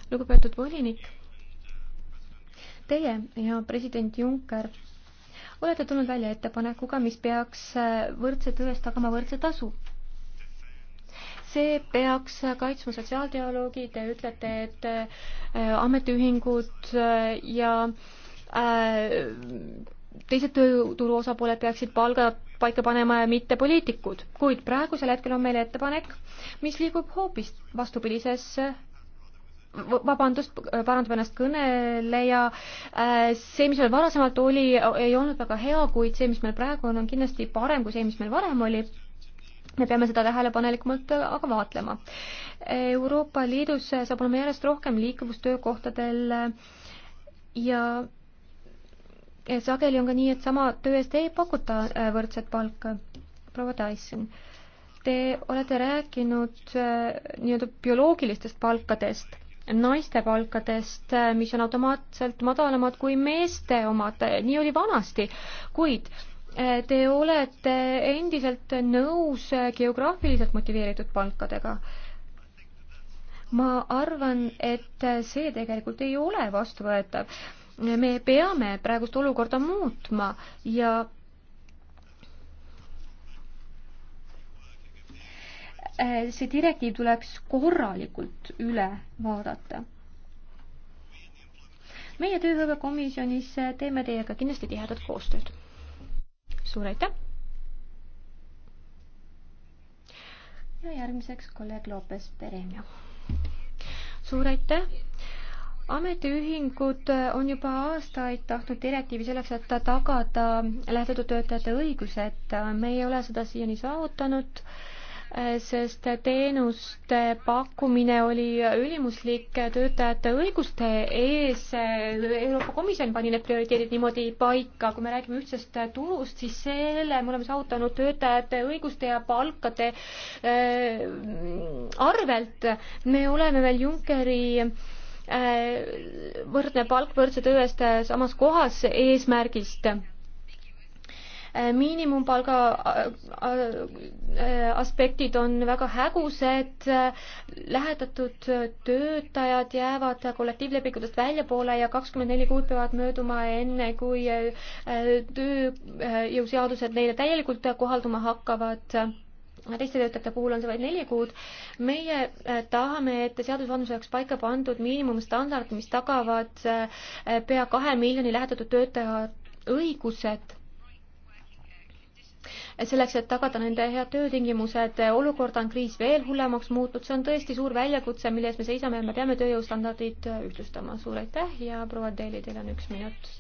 lugupeetud volinik, teie ja president Juncker olete tulnud välja ettepanekuga, mis peaks äh, võrdse töö eest tagama võrdse tasu. see peaks äh, kaitsma sotsiaaldialoogi, te ütlete, et äh, ametiühingud ja teised tööturu osapooled peaksid palgad paika panema ja mitte poliitikud, kuid praegusel hetkel on meil ettepanek, mis liigub hoopis vastupidises vabandust, parandab ennast kõneleja, äh, see, mis meil varasemalt oli, ei olnud väga hea, kuid see, mis meil praegu on, on kindlasti parem kui see, mis meil varem oli me peame seda tähelepanelikumalt aga vaatlema. Euroopa Liidus saab olema järjest rohkem liikuvustöökohtadel ja sageli on ka nii, et sama töö eest ei pakuta äh, võrdset palka. proua Tyson, te olete rääkinud äh, nii-öelda bioloogilistest palkadest naiste palkadest, äh, mis on automaatselt madalamad kui meeste omad, nii oli vanasti, kuid äh, Te olete endiselt nõus äh, geograafiliselt motiveeritud palkadega ma arvan, et see tegelikult ei ole vastuvõetav. me peame praegust olukorda muutma ja Eh, see direktiiv tuleks korralikult üle vaadata. meie tööhõivekomisjonis eh, teeme teiega kindlasti tihedat koostööd. suur aitäh! ja järgmiseks kolleeg Lopes Peremia. suur aitäh! ametiühingud eh, on juba aastaid tahtnud direktiivi selleks, et tagada lähetatud töötajate õigused. me ei ole seda siiani saavutanud äh, sest teenuste pakkumine oli ülimuslik töötajate õiguste ees. Euroopa Komisjon pani need prioriteedid niimoodi paika, kui me räägime ühtsest turust, siis selle me oleme saavutanud töötajate õiguste ja palkade äh, arvelt. me oleme veel Junckeri äh, võrdne palk võrdse töö eest samas kohas eesmärgist Äh, miinimumpalga äh, äh, aspektid on väga hägused, lähetatud töötajad jäävad kollektiivlepingutest väljapoole ja kakskümmend neli kuud peavad mööduma, enne kui tööjõuseadused neile täielikult kohalduma hakkavad teiste töötajate puhul on see vaid neli kuud. meie tahame, et seadusandluse jaoks paika pandud miinimumstandard, mis tagavad pea kahe miljoni lähetatud töötaja õigused, selleks, et tagada nende head töötingimused. olukord on kriis veel hullemaks muutnud, see on tõesti suur väljakutse, mille ees me seisame ja me peame tööjõustandardid ühtlustama. suur aitäh ja proua Deli, teil on üks minut.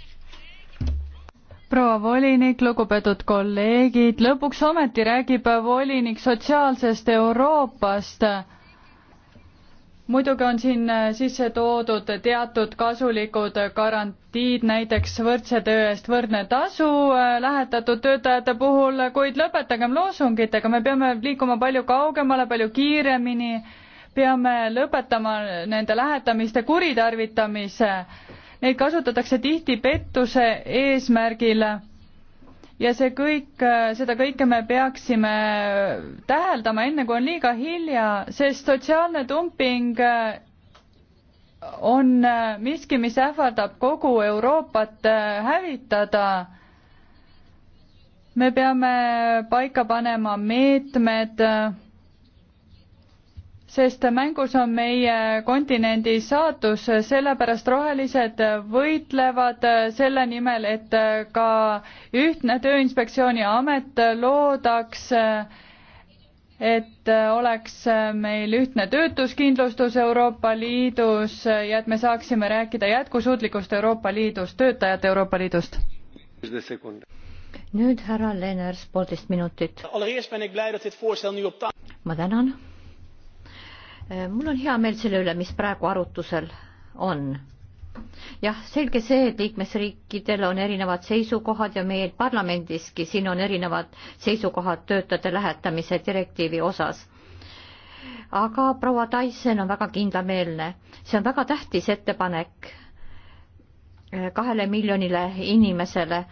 proua volinik, lugupeetud kolleegid, lõpuks ometi räägib volinik sotsiaalsest Euroopast muidugi on siin äh, sisse toodud teatud kasulikud garantiid, näiteks võrdse töö eest võrdne tasu äh, lähetatud töötajate puhul, kuid lõpetagem loosungitega, me peame liikuma palju kaugemale, palju kiiremini, peame lõpetama nende lähetamiste kuritarvitamise. Neid kasutatakse tihti pettuse eesmärgil ja see kõik, seda kõike me peaksime täheldama, enne kui on liiga hilja, sest sotsiaalne dumping on miski, mis ähvardab kogu Euroopat hävitada. me peame paika panema meetmed sest mängus on meie kontinendi saatus, sellepärast rohelised võitlevad selle nimel, et ka ühtne Tööinspektsiooni amet loodaks, et oleks meil ühtne töötuskindlustus Euroopa Liidus ja et me saaksime rääkida jätkusuutlikust Euroopa Liidust, töötajate Euroopa Liidust. nüüd härra Lenners, poolteist minutit. ma tänan Äh, mul on hea meel selle üle, mis praegu arutusel on. jah, selge see, et liikmesriikidel on erinevad seisukohad ja meil parlamendiski siin on erinevad seisukohad töötajate lähetamise direktiivi osas aga proua Tyson on väga kindlameelne. see on väga tähtis ettepanek äh, kahele miljonile inimesele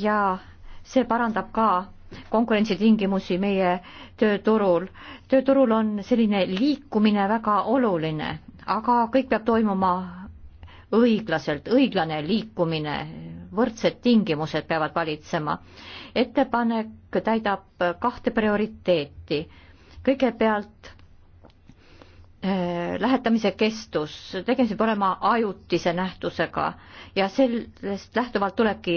ja see parandab ka konkurentsitingimusi meie tööturul tööturul on selline liikumine väga oluline, aga kõik peab toimuma õiglaselt, õiglane liikumine, võrdsed tingimused peavad valitsema. ettepanek täidab kahte prioriteeti. kõigepealt eh, lähetamise kestus, tegemist peab olema ajutise nähtusega ja sellest lähtuvalt tulebki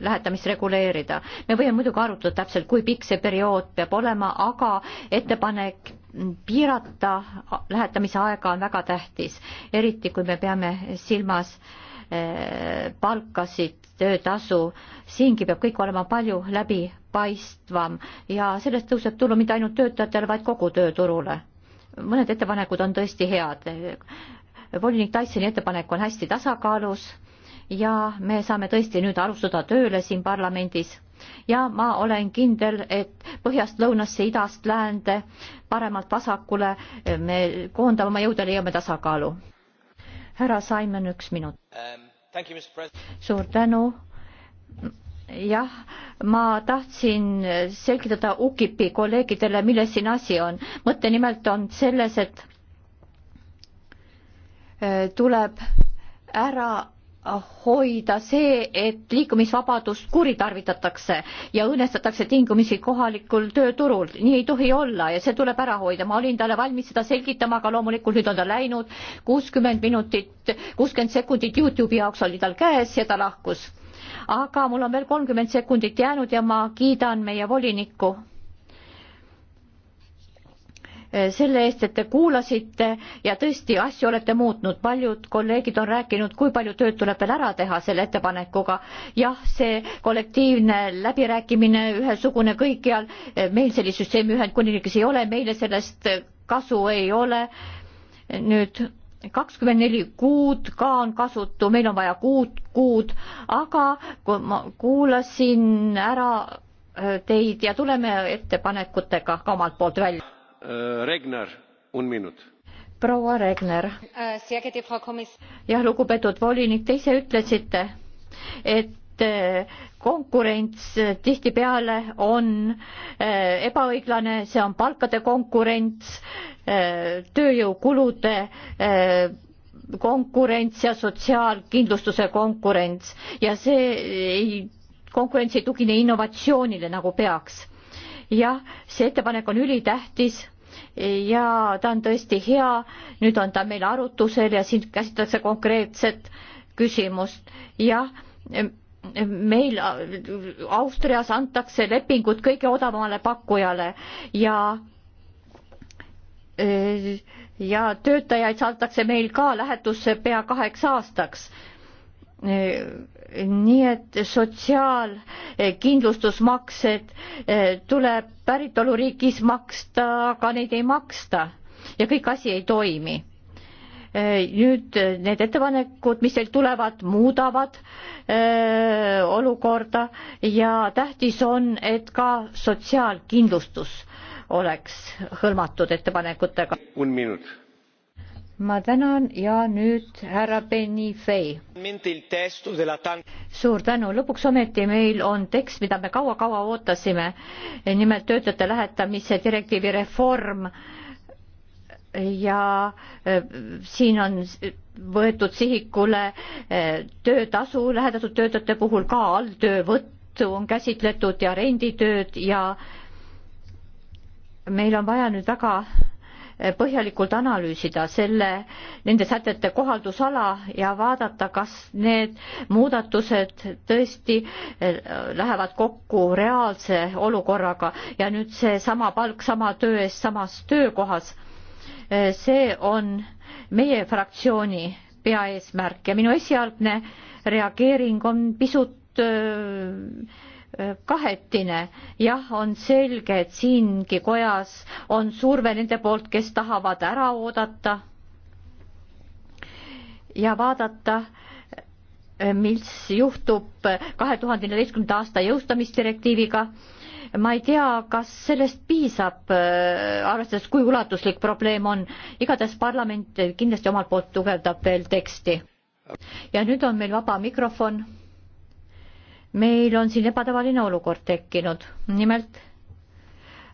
lähetamist reguleerida. me võime muidugi arutada täpselt, kui pikk see periood peab olema, aga ettepanek piirata lähetamise aega on väga tähtis, eriti kui me peame silmas eh, palkasid, töötasu, siingi peab kõik olema palju läbipaistvam ja sellest tõuseb tulu mitte ainult töötajatele, vaid kogu tööturule. mõned ettepanekud on tõesti head. volinik Tysoni ettepanek on hästi tasakaalus ja me saame tõesti nüüd alustada tööle siin parlamendis ja ma olen kindel, et põhjast lõunasse, idast läände, paremalt vasakule eh, me koondame oma jõud ja leiame tasakaalu. härra Simon, üks minut um,. suur tänu. jah, ma tahtsin selgitada UKIP-i kolleegidele, milles siin asi on. mõte nimelt on selles, et eh, tuleb ära hoida see, et liikumisvabadust kuritarvitatakse ja õõnestatakse tingimusi kohalikul tööturul. nii ei tohi olla ja see tuleb ära hoida. ma olin talle valmis seda selgitama, aga loomulikult nüüd on ta läinud. kuuskümmend minutit, kuuskümmend sekundit Youtube'i jaoks oli tal käes ja ta lahkus. aga mul on veel kolmkümmend sekundit jäänud ja ma kiidan meie volinikku Eh, selle eest, et te kuulasite ja tõesti asju olete muutnud, paljud kolleegid on rääkinud, kui palju tööd tuleb veel ära teha selle ettepanekuga. jah, see kollektiivne läbirääkimine ühesugune kõikjal, eh, meil sellist süsteemi Ühendkuningriigis ei ole, meile sellest kasu ei ole. nüüd kakskümmend neli kuud ka on kasutu, meil on vaja kuut kuud, aga kui ma kuulasin ära eh, teid ja tuleme ettepanekutega ka omalt poolt välja. Äh, Regner, un minut proua Regner. Äh, jah, lugupeetud volinik, te ise ütlesite, et äh, konkurents tihtipeale on ebaõiglane, see on palkade konkurents, tööjõukulude konkurents ja sotsiaalkindlustuse konkurents ja see ei, konkurents ei tugine innovatsioonile nagu peaks. jah, see ettepanek on ülitähtis ja ta on tõesti hea, nüüd on ta meil arutusel ja siin käsitletakse konkreetset küsimust. jah, meil Austrias antakse lepingud kõige odavamale pakkujale ja e, ja töötajaid saadetakse meil ka lähetusse pea kaheks aastaks e, nii et sotsiaalkindlustusmaksed eh, tuleb päritoluriigis maksta, aga neid ei maksta ja kõik asi ei toimi. Eh, nüüd eh, need ettepanekud, mis teil tulevad, muudavad öö, olukorda ja tähtis on, et ka sotsiaalkindlustus oleks hõlmatud ettepanekutega ma tänan ja nüüd härra Benifei. suur tänu, lõpuks ometi meil on tekst, mida me kaua-kaua ootasime, nimelt töötajate lähetamise direktiivi reform ja äh, siin on võetud sihikule äh, töötasu lähedatud töötajate puhul ka alltöövõttu on käsitletud ja renditööd ja meil on vaja nüüd väga põhjalikult analüüsida selle, nende sätete kohaldusala ja vaadata, kas need muudatused tõesti eh, lähevad kokku reaalse olukorraga ja nüüd seesama palk sama töö eest samas töökohas, eh, see on meie fraktsiooni peaeesmärk ja minu esialgne reageering on pisut öö, eh, kahetine. jah, on selge, et siingi kojas on surve nende poolt, kes tahavad ära oodata ja vaadata, mis juhtub kahe tuhande neljateistkümnenda aasta jõustamisdirektiiviga. ma ei tea, kas sellest piisab, arvestades, kui ulatuslik probleem on. igatahes parlament kindlasti omalt poolt tugevdab veel teksti. ja nüüd on meil vaba mikrofon meil on siin ebatavaline olukord tekkinud, nimelt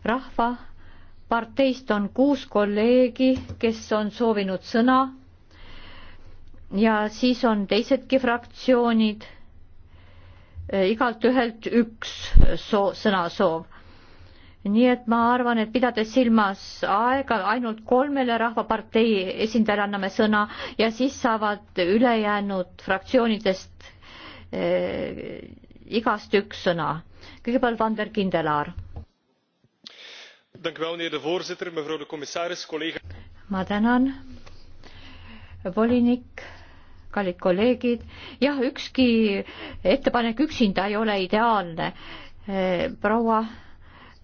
rahvaparteist on kuus kolleegi, kes on soovinud sõna ja siis on teisedki fraktsioonid, äh, igalt ühelt üks soo-, sõnasoov. nii et ma arvan, et pidades silmas aega, ainult kolmele Rahvapartei esindajale anname sõna ja siis saavad ülejäänud fraktsioonidest eh, igast üks sõna. kõigepealt Ander Kindelaar. ma tänan, volinik, kallid kolleegid. jah, ükski ettepanek üksinda ei ole ideaalne. Eh, proua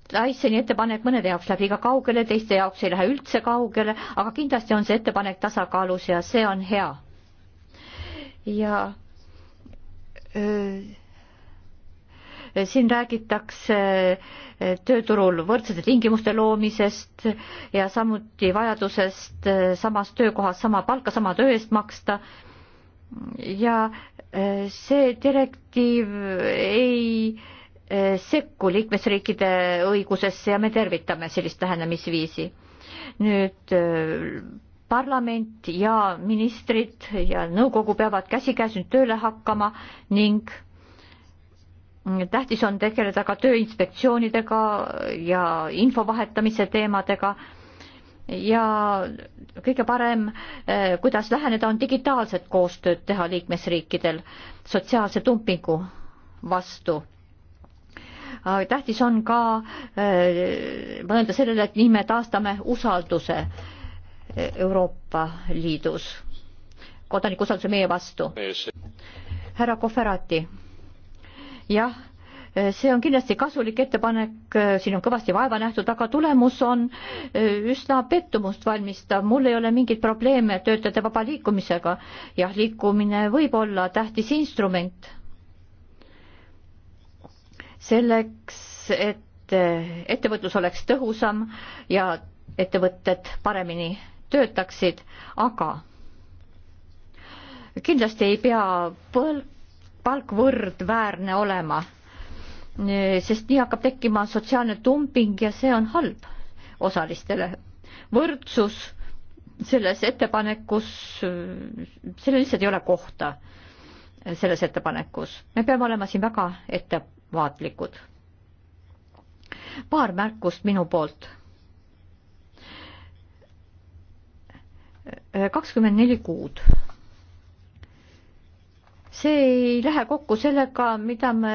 Dysoni ettepanek mõnede jaoks läheb liiga kaugele, teiste jaoks ei lähe üldse kaugele, aga kindlasti on see ettepanek tasakaalus ja see on hea. ja öö, siin räägitakse eh, tööturul võrdsete tingimuste loomisest ja samuti vajadusest eh, samas töökohas sama palka sama töö eest maksta. ja eh, see direktiiv ei sekku liikmesriikide õigusesse ja me tervitame sellist lähenemisviisi. nüüd parlament ja ministrid ja nõukogu peavad käsikäes nüüd tööle hakkama ning tähtis on tegeleda ka tööinspektsioonidega ja info vahetamise teemadega ja kõige parem, eh, kuidas läheneda, on digitaalset koostööd teha liikmesriikidel sotsiaalse dumpingu vastu. Äh, tähtis on ka eh, mõelda sellele, et nii me taastame usalduse eh, Euroopa Liidus, kodanike usalduse meie vastu. härra Kohverati jah, eh, see on kindlasti kasulik ettepanek, eh, siin on kõvasti vaeva nähtud, aga tulemus on eh, üsna pettumust valmistav, mul ei ole mingeid probleeme töötajate vaba liikumisega. jah, liikumine võib olla tähtis instrument selleks, et ettevõtlus oleks tõhusam ja ettevõtted paremini töötaksid, aga kindlasti ei pea põl-, palk võrdväärne olema, sest nii hakkab tekkima sotsiaalne dumping ja see on halb osalistele. võrdsus selles ettepanekus, sellel lihtsalt ei ole kohta selles ettepanekus. me peame olema siin väga ettevaatlikud. paar märkust minu poolt. kakskümmend neli kuud see ei lähe kokku sellega, mida me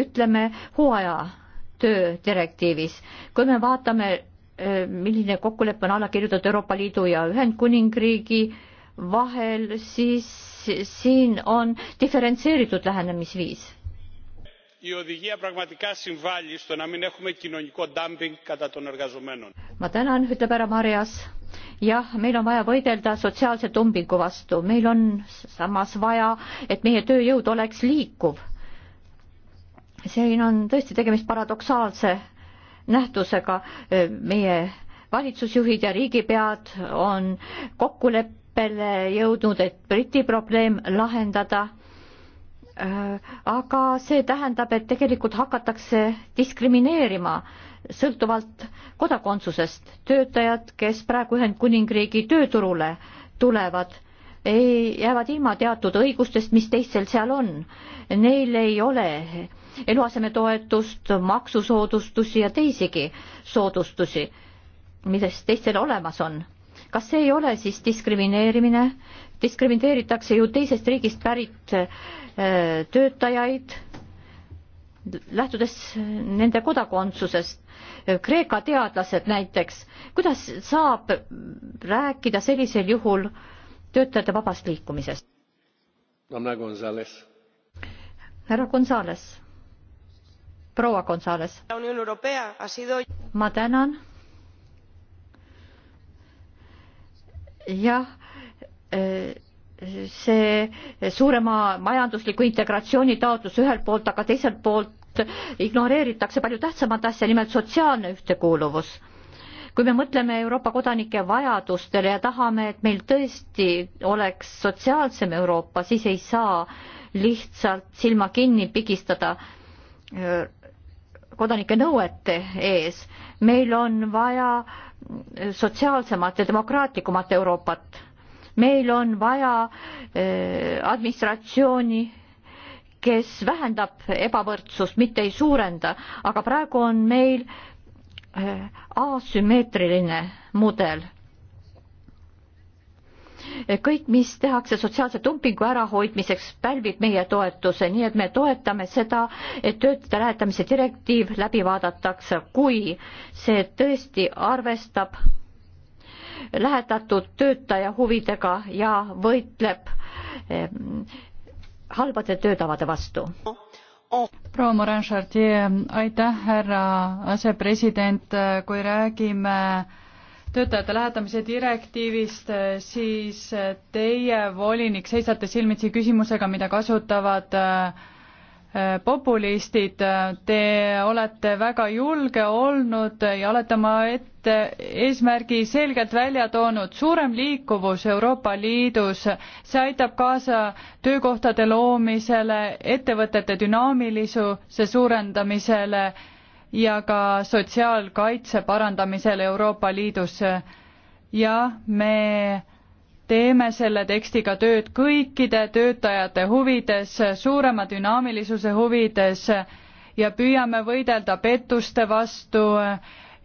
ütleme hooajatöö direktiivis. kui me vaatame, eh, milline kokkulepe on alla kirjutatud Euroopa Liidu ja Ühendkuningriigi vahel, siis siin on diferentseeritud lähenemisviis η οδηγία πραγματικά συμβάλλει στο να μην έχουμε κοινωνικό ντάμπινγκ κατά των εργαζομένων. Μα τέναν, ütleb ära Marias jah, meil on vaja võidelda sotsiaalse tumbingu vastu, meil on samas vaja, et meie tööjõud oleks liikuv. siin on tõesti tegemist paradoksaalse nähtusega, meie valitsusjuhid ja riigipead on kokkuleppele jõudnud, et Briti probleem lahendada aga see tähendab, et tegelikult hakatakse diskrimineerima sõltuvalt kodakondsusest. töötajad, kes praegu Ühendkuningriigi tööturule tulevad, ei, jäävad ilma teatud õigustest, mis teistel seal on. Neil ei ole eluasemetoetust, maksusoodustusi ja teisigi soodustusi, millest teistel olemas on. kas see ei ole siis diskrimineerimine? diskrimineeritakse ju teisest riigist pärit öö, äh, töötajaid lähtudes nende kodakondsusest. Kreeka teadlased näiteks, kuidas saab rääkida sellisel juhul töötajate vabast liikumisest? härra Gonzales, proua Gonzales. ma tänan. jah eh, see suurema majandusliku integratsiooni taotlus ühelt poolt, aga teiselt poolt ignoreeritakse palju tähtsamat asja, nimelt sotsiaalne ühtekuuluvus. kui me mõtleme Euroopa kodanike vajadustele ja tahame, et meil tõesti oleks sotsiaalsem Euroopa, siis ei saa lihtsalt silma kinni pigistada äh, kodanike nõuete ees. meil on vaja sotsiaalsemat ja demokraatlikumat Euroopat meil on vaja eh, administratsiooni, kes vähendab ebavõrdsust, mitte ei suurenda, aga praegu on meil eh, asümmeetriline mudel eh, kõik, mis tehakse sotsiaalse dumpingu ärahoidmiseks, pälvib meie toetuse, nii et me toetame seda, et töötajate lähetamise direktiiv läbi vaadatakse, kui see tõesti arvestab lähetatud töötaja huvidega ja võitleb ehm, halbade töötavade vastu. proua Morin-Chartier, aitäh, härra asepresident, kui räägime töötajate lähetamise direktiivist, siis teie volinik seisate silmitsi küsimusega, mida kasutavad äh, populistid, te olete väga julge olnud ja olete oma ette eesmärgi selgelt välja toonud. suurem liikuvus Euroopa Liidus, see aitab kaasa töökohtade loomisele, ettevõtete dünaamilisuse suurendamisele ja ka sotsiaalkaitse parandamisele Euroopa Liidus. ja me teeme selle tekstiga tööd kõikide töötajate huvides, suurema dünaamilisuse huvides ja püüame võidelda pettuste vastu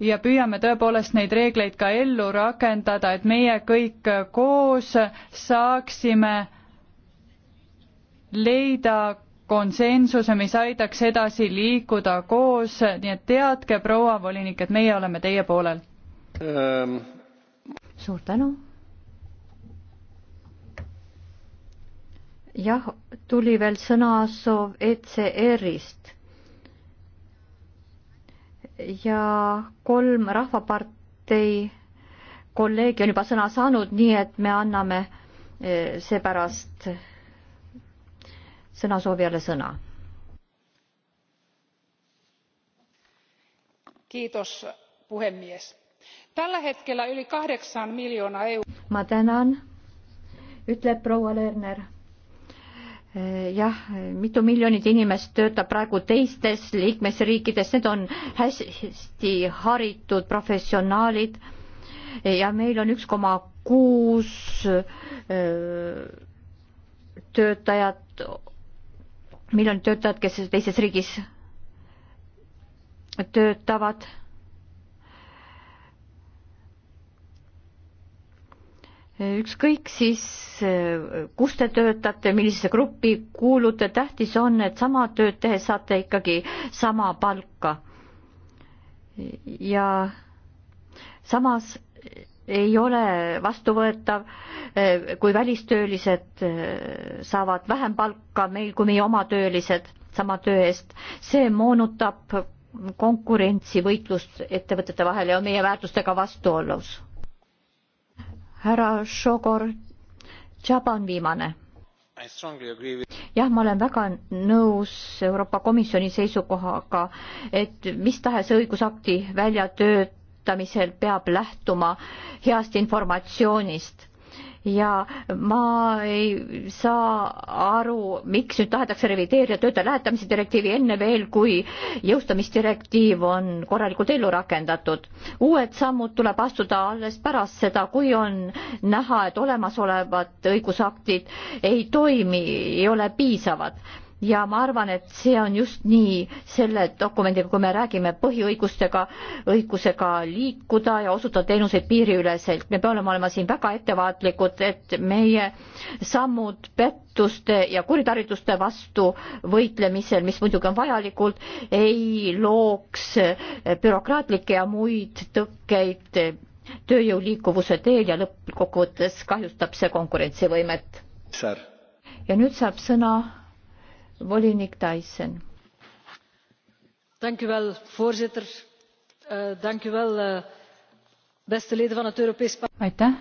ja püüame tõepoolest neid reegleid ka ellu rakendada, et meie kõik koos saaksime leida konsensuse, mis aitaks edasi liikuda koos, nii et teadke, proua volinik, et meie oleme teie poolel ähm.. suur tänu jah, tuli veel sõnasoov ECR-ist. ja kolm Rahvapartei kolleegi on juba sõna saanud, nii et me anname eh, seepärast sõnasoovijale sõna. kiitos, puhemies. tällä hetkellä yli kahdeksan miljoonaa eu-. ma tänan, ütleb proua Lerner jah, mitu miljonit inimest töötab praegu teistes liikmesriikides, need on hästi haritud professionaalid ja meil on üks koma kuus äh, töötajat, miljonit töötajat, kes teises riigis töötavad ükskõik siis, kus te töötate, millisesse gruppi kuulute, tähtis on, et sama tööd tehes saate ikkagi sama palka. ja samas ei ole vastuvõetav, kui välistöölised saavad vähem palka meil kui meie oma töölised sama töö eest. see moonutab konkurentsivõitlust ettevõtete vahel ja on meie väärtustega vastuolus härra Šogor, Tšaba on viimane. jah, ma olen väga nõus Euroopa Komisjoni seisukohaga, et mis tahes õigusakti väljatöötamisel peab lähtuma heast informatsioonist ja ma ei saa aru, miks nüüd tahetakse revideerida töötaja lähetamise direktiivi enne veel, kui jõustamisdirektiiv on korralikult ellu rakendatud. uued sammud tuleb astuda alles pärast seda, kui on näha, et olemasolevad õigusaktid ei toimi, ei ole piisavad ja ma arvan, et see on just nii selle dokumendiga, kui me räägime põhiõigustega, õigusega liikuda ja osutada teenuseid piiriüleselt. me peame olema siin väga ettevaatlikud, et meie sammud pettuste ja kuritarvituste vastu võitlemisel, mis muidugi on vajalikud, ei looks bürokraatlikke ja muid tõkkeid tööjõu liikuvuse teel ja lõppkokkuvõttes kahjustab see konkurentsivõimet. ja nüüd saab sõna volinik Tyson. Eh, eh, aitäh,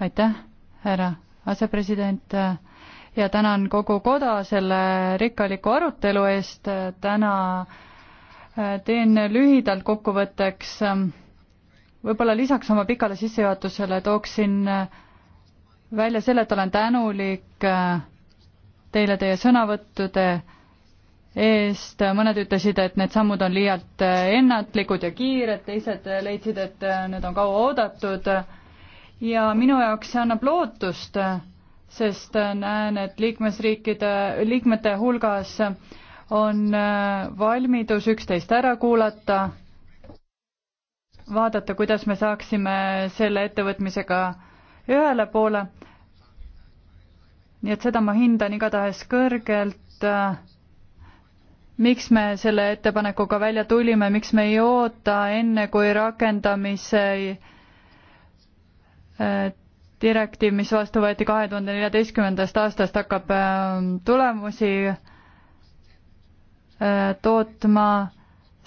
aitäh, härra asepresident ja tänan kogu koda selle rikkaliku arutelu eest. täna eh, teen lühidalt kokkuvõtteks. võib-olla lisaks oma pikale sissejuhatusele tooksin välja selle, et olen tänulik teile teie sõnavõttude eest, mõned ütlesid, et need sammud on liialt eh, ennatlikud ja kiired, teised leidsid, et eh, need on kaua oodatud ja minu jaoks see annab lootust, sest eh, näen, et liikmesriikide, liikmete hulgas on valmidus üksteist ära kuulata, vaadata, kuidas me saaksime selle ettevõtmisega ühele poole nii et seda ma hindan igatahes kõrgelt. miks me selle ettepanekuga välja tulime, miks me ei oota enne, kui rakendamise äh, direktiiv, mis vastu võeti kahe tuhande neljateistkümnendast aastast, hakkab ähm, tulemusi äh, tootma.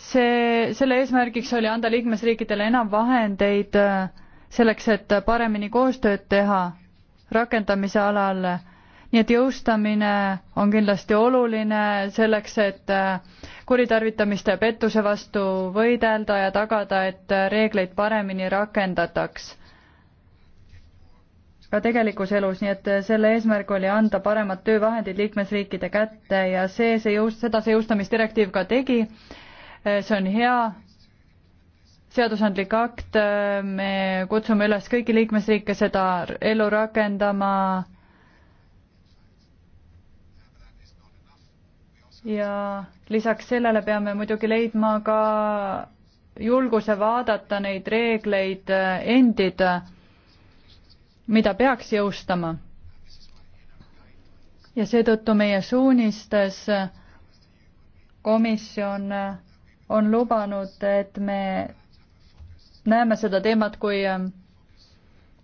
see, selle eesmärgiks oli anda liikmesriikidele enam vahendeid äh, selleks, et paremini koostööd teha rakendamise alal nii et jõustamine on kindlasti oluline selleks, et äh, kuritarvitamiste ja pettuse vastu võidelda ja tagada, et reegleid paremini rakendataks ka tegelikus elus, nii et selle eesmärk oli anda paremad töövahendid liikmesriikide kätte ja see, see jõust-, seda see jõustamisdirektiiv ka tegi. Äh, see on hea seadusandlik akt, äh, me kutsume üles kõiki liikmesriike seda ellu rakendama ja lisaks sellele peame muidugi leidma ka julguse vaadata neid reegleid äh, endid, äh, mida peaks jõustama. ja seetõttu meie suunistes äh, komisjon on lubanud, et me näeme seda teemat kui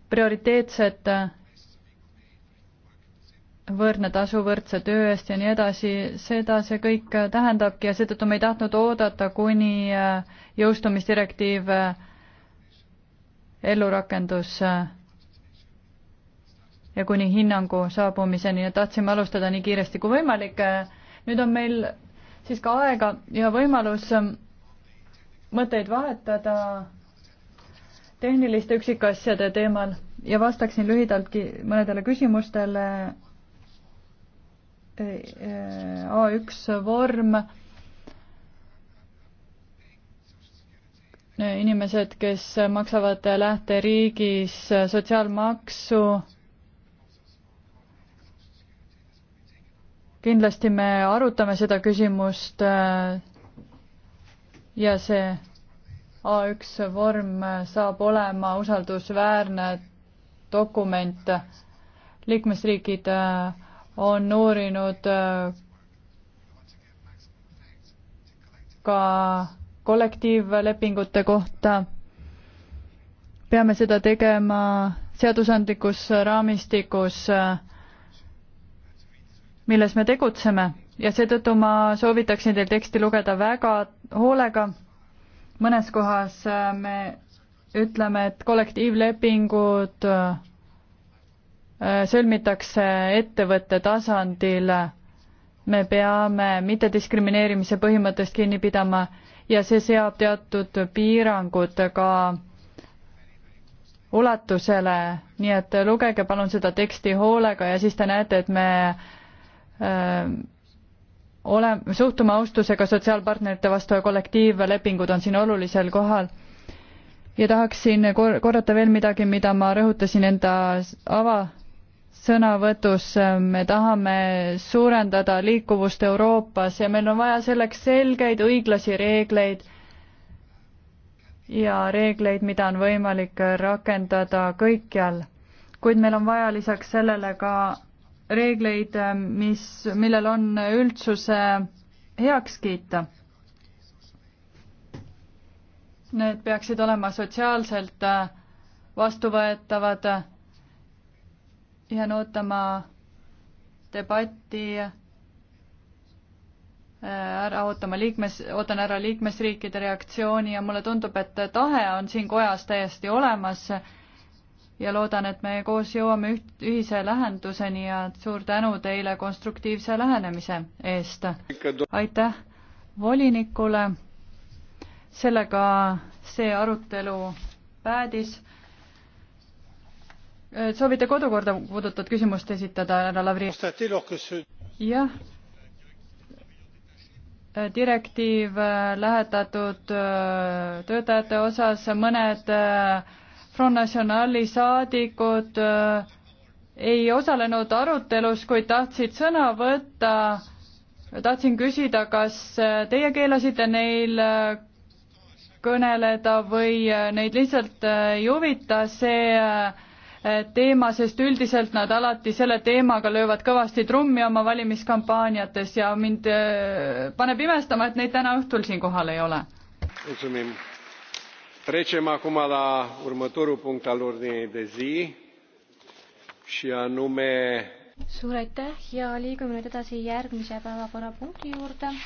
prioriteetset võrdne tasu võrdse töö eest ja nii edasi, seda see kõik tähendabki ja seetõttu me ei tahtnud oodata, kuni äh, jõustumisdirektiiv äh, ellu rakendus äh, ja kuni hinnangu saabumiseni ja tahtsime alustada nii kiiresti kui võimalik. nüüd on meil siis ka aega ja võimalus mõtteid vahetada tehniliste üksikasjade teemal ja vastaksin lühidaltki mõnedele küsimustele A1 vorm. inimesed, kes maksavad lähteriigis sotsiaalmaksu. kindlasti me arutame seda küsimust ja see A1 vorm saab olema usaldusväärne dokument. liikmesriigid äh, on uurinud äh, ka kollektiivlepingute kohta. peame seda tegema seadusandlikus raamistikus, äh, milles me tegutseme ja seetõttu ma soovitaksin teil teksti lugeda väga hoolega. mõnes kohas äh, me ütleme, et kollektiivlepingud Äh, sõlmitakse ettevõtte tasandil. me peame mittediskrimineerimise põhimõttest kinni pidama ja see seab teatud piirangud ka ulatusele, nii et lugege palun seda teksti hoolega ja siis te näete, et me öö, äh, ole, suhtume austusega sotsiaalpartnerite vastu ja kollektiivlepingud on siin olulisel kohal ja tahaksin kor-, korrata veel midagi, mida ma rõhutasin enda ava sõnavõtus, me tahame suurendada liikuvust Euroopas ja meil on vaja selleks selgeid õiglasi reegleid ja reegleid, mida on võimalik rakendada kõikjal. kuid meil on vaja lisaks sellele ka reegleid, mis, millel on üldsuse heaks kiita. Need peaksid olema sotsiaalselt vastuvõetavad jään ootama debatti äh, ära ootama liikmes, ootan ära liikmesriikide reaktsiooni ja mulle tundub, et tahe on siin kojas täiesti olemas ja loodan, et me koos jõuame üht, ühise lahenduseni ja suur tänu teile konstruktiivse lähenemise eest. aitäh volinikule. sellega see arutelu päädis Äh, soovite kodukorda puudutavat küsimust esitada, härra Lavri? jah. Äh, direktiiv äh, lähetatud töötajate osas, mõned Front Nationali saadikud ei osalenud arutelus, kuid tahtsid sõna võtta. tahtsin küsida, kas teie keelasite neil kõneleda või neid lihtsalt ei huvita see Eh, teema, sest üldiselt nad alati selle teemaga löövad kõvasti trummi oma valimiskampaaniates ja mind eh, paneb imestama, et neid täna õhtul siin kohal ei ole. Trecem acum la următorul punct al ordinei de zi și anume suur aitäh ja liigume nüüd edasi järgmise päevakorrapunkti juurde.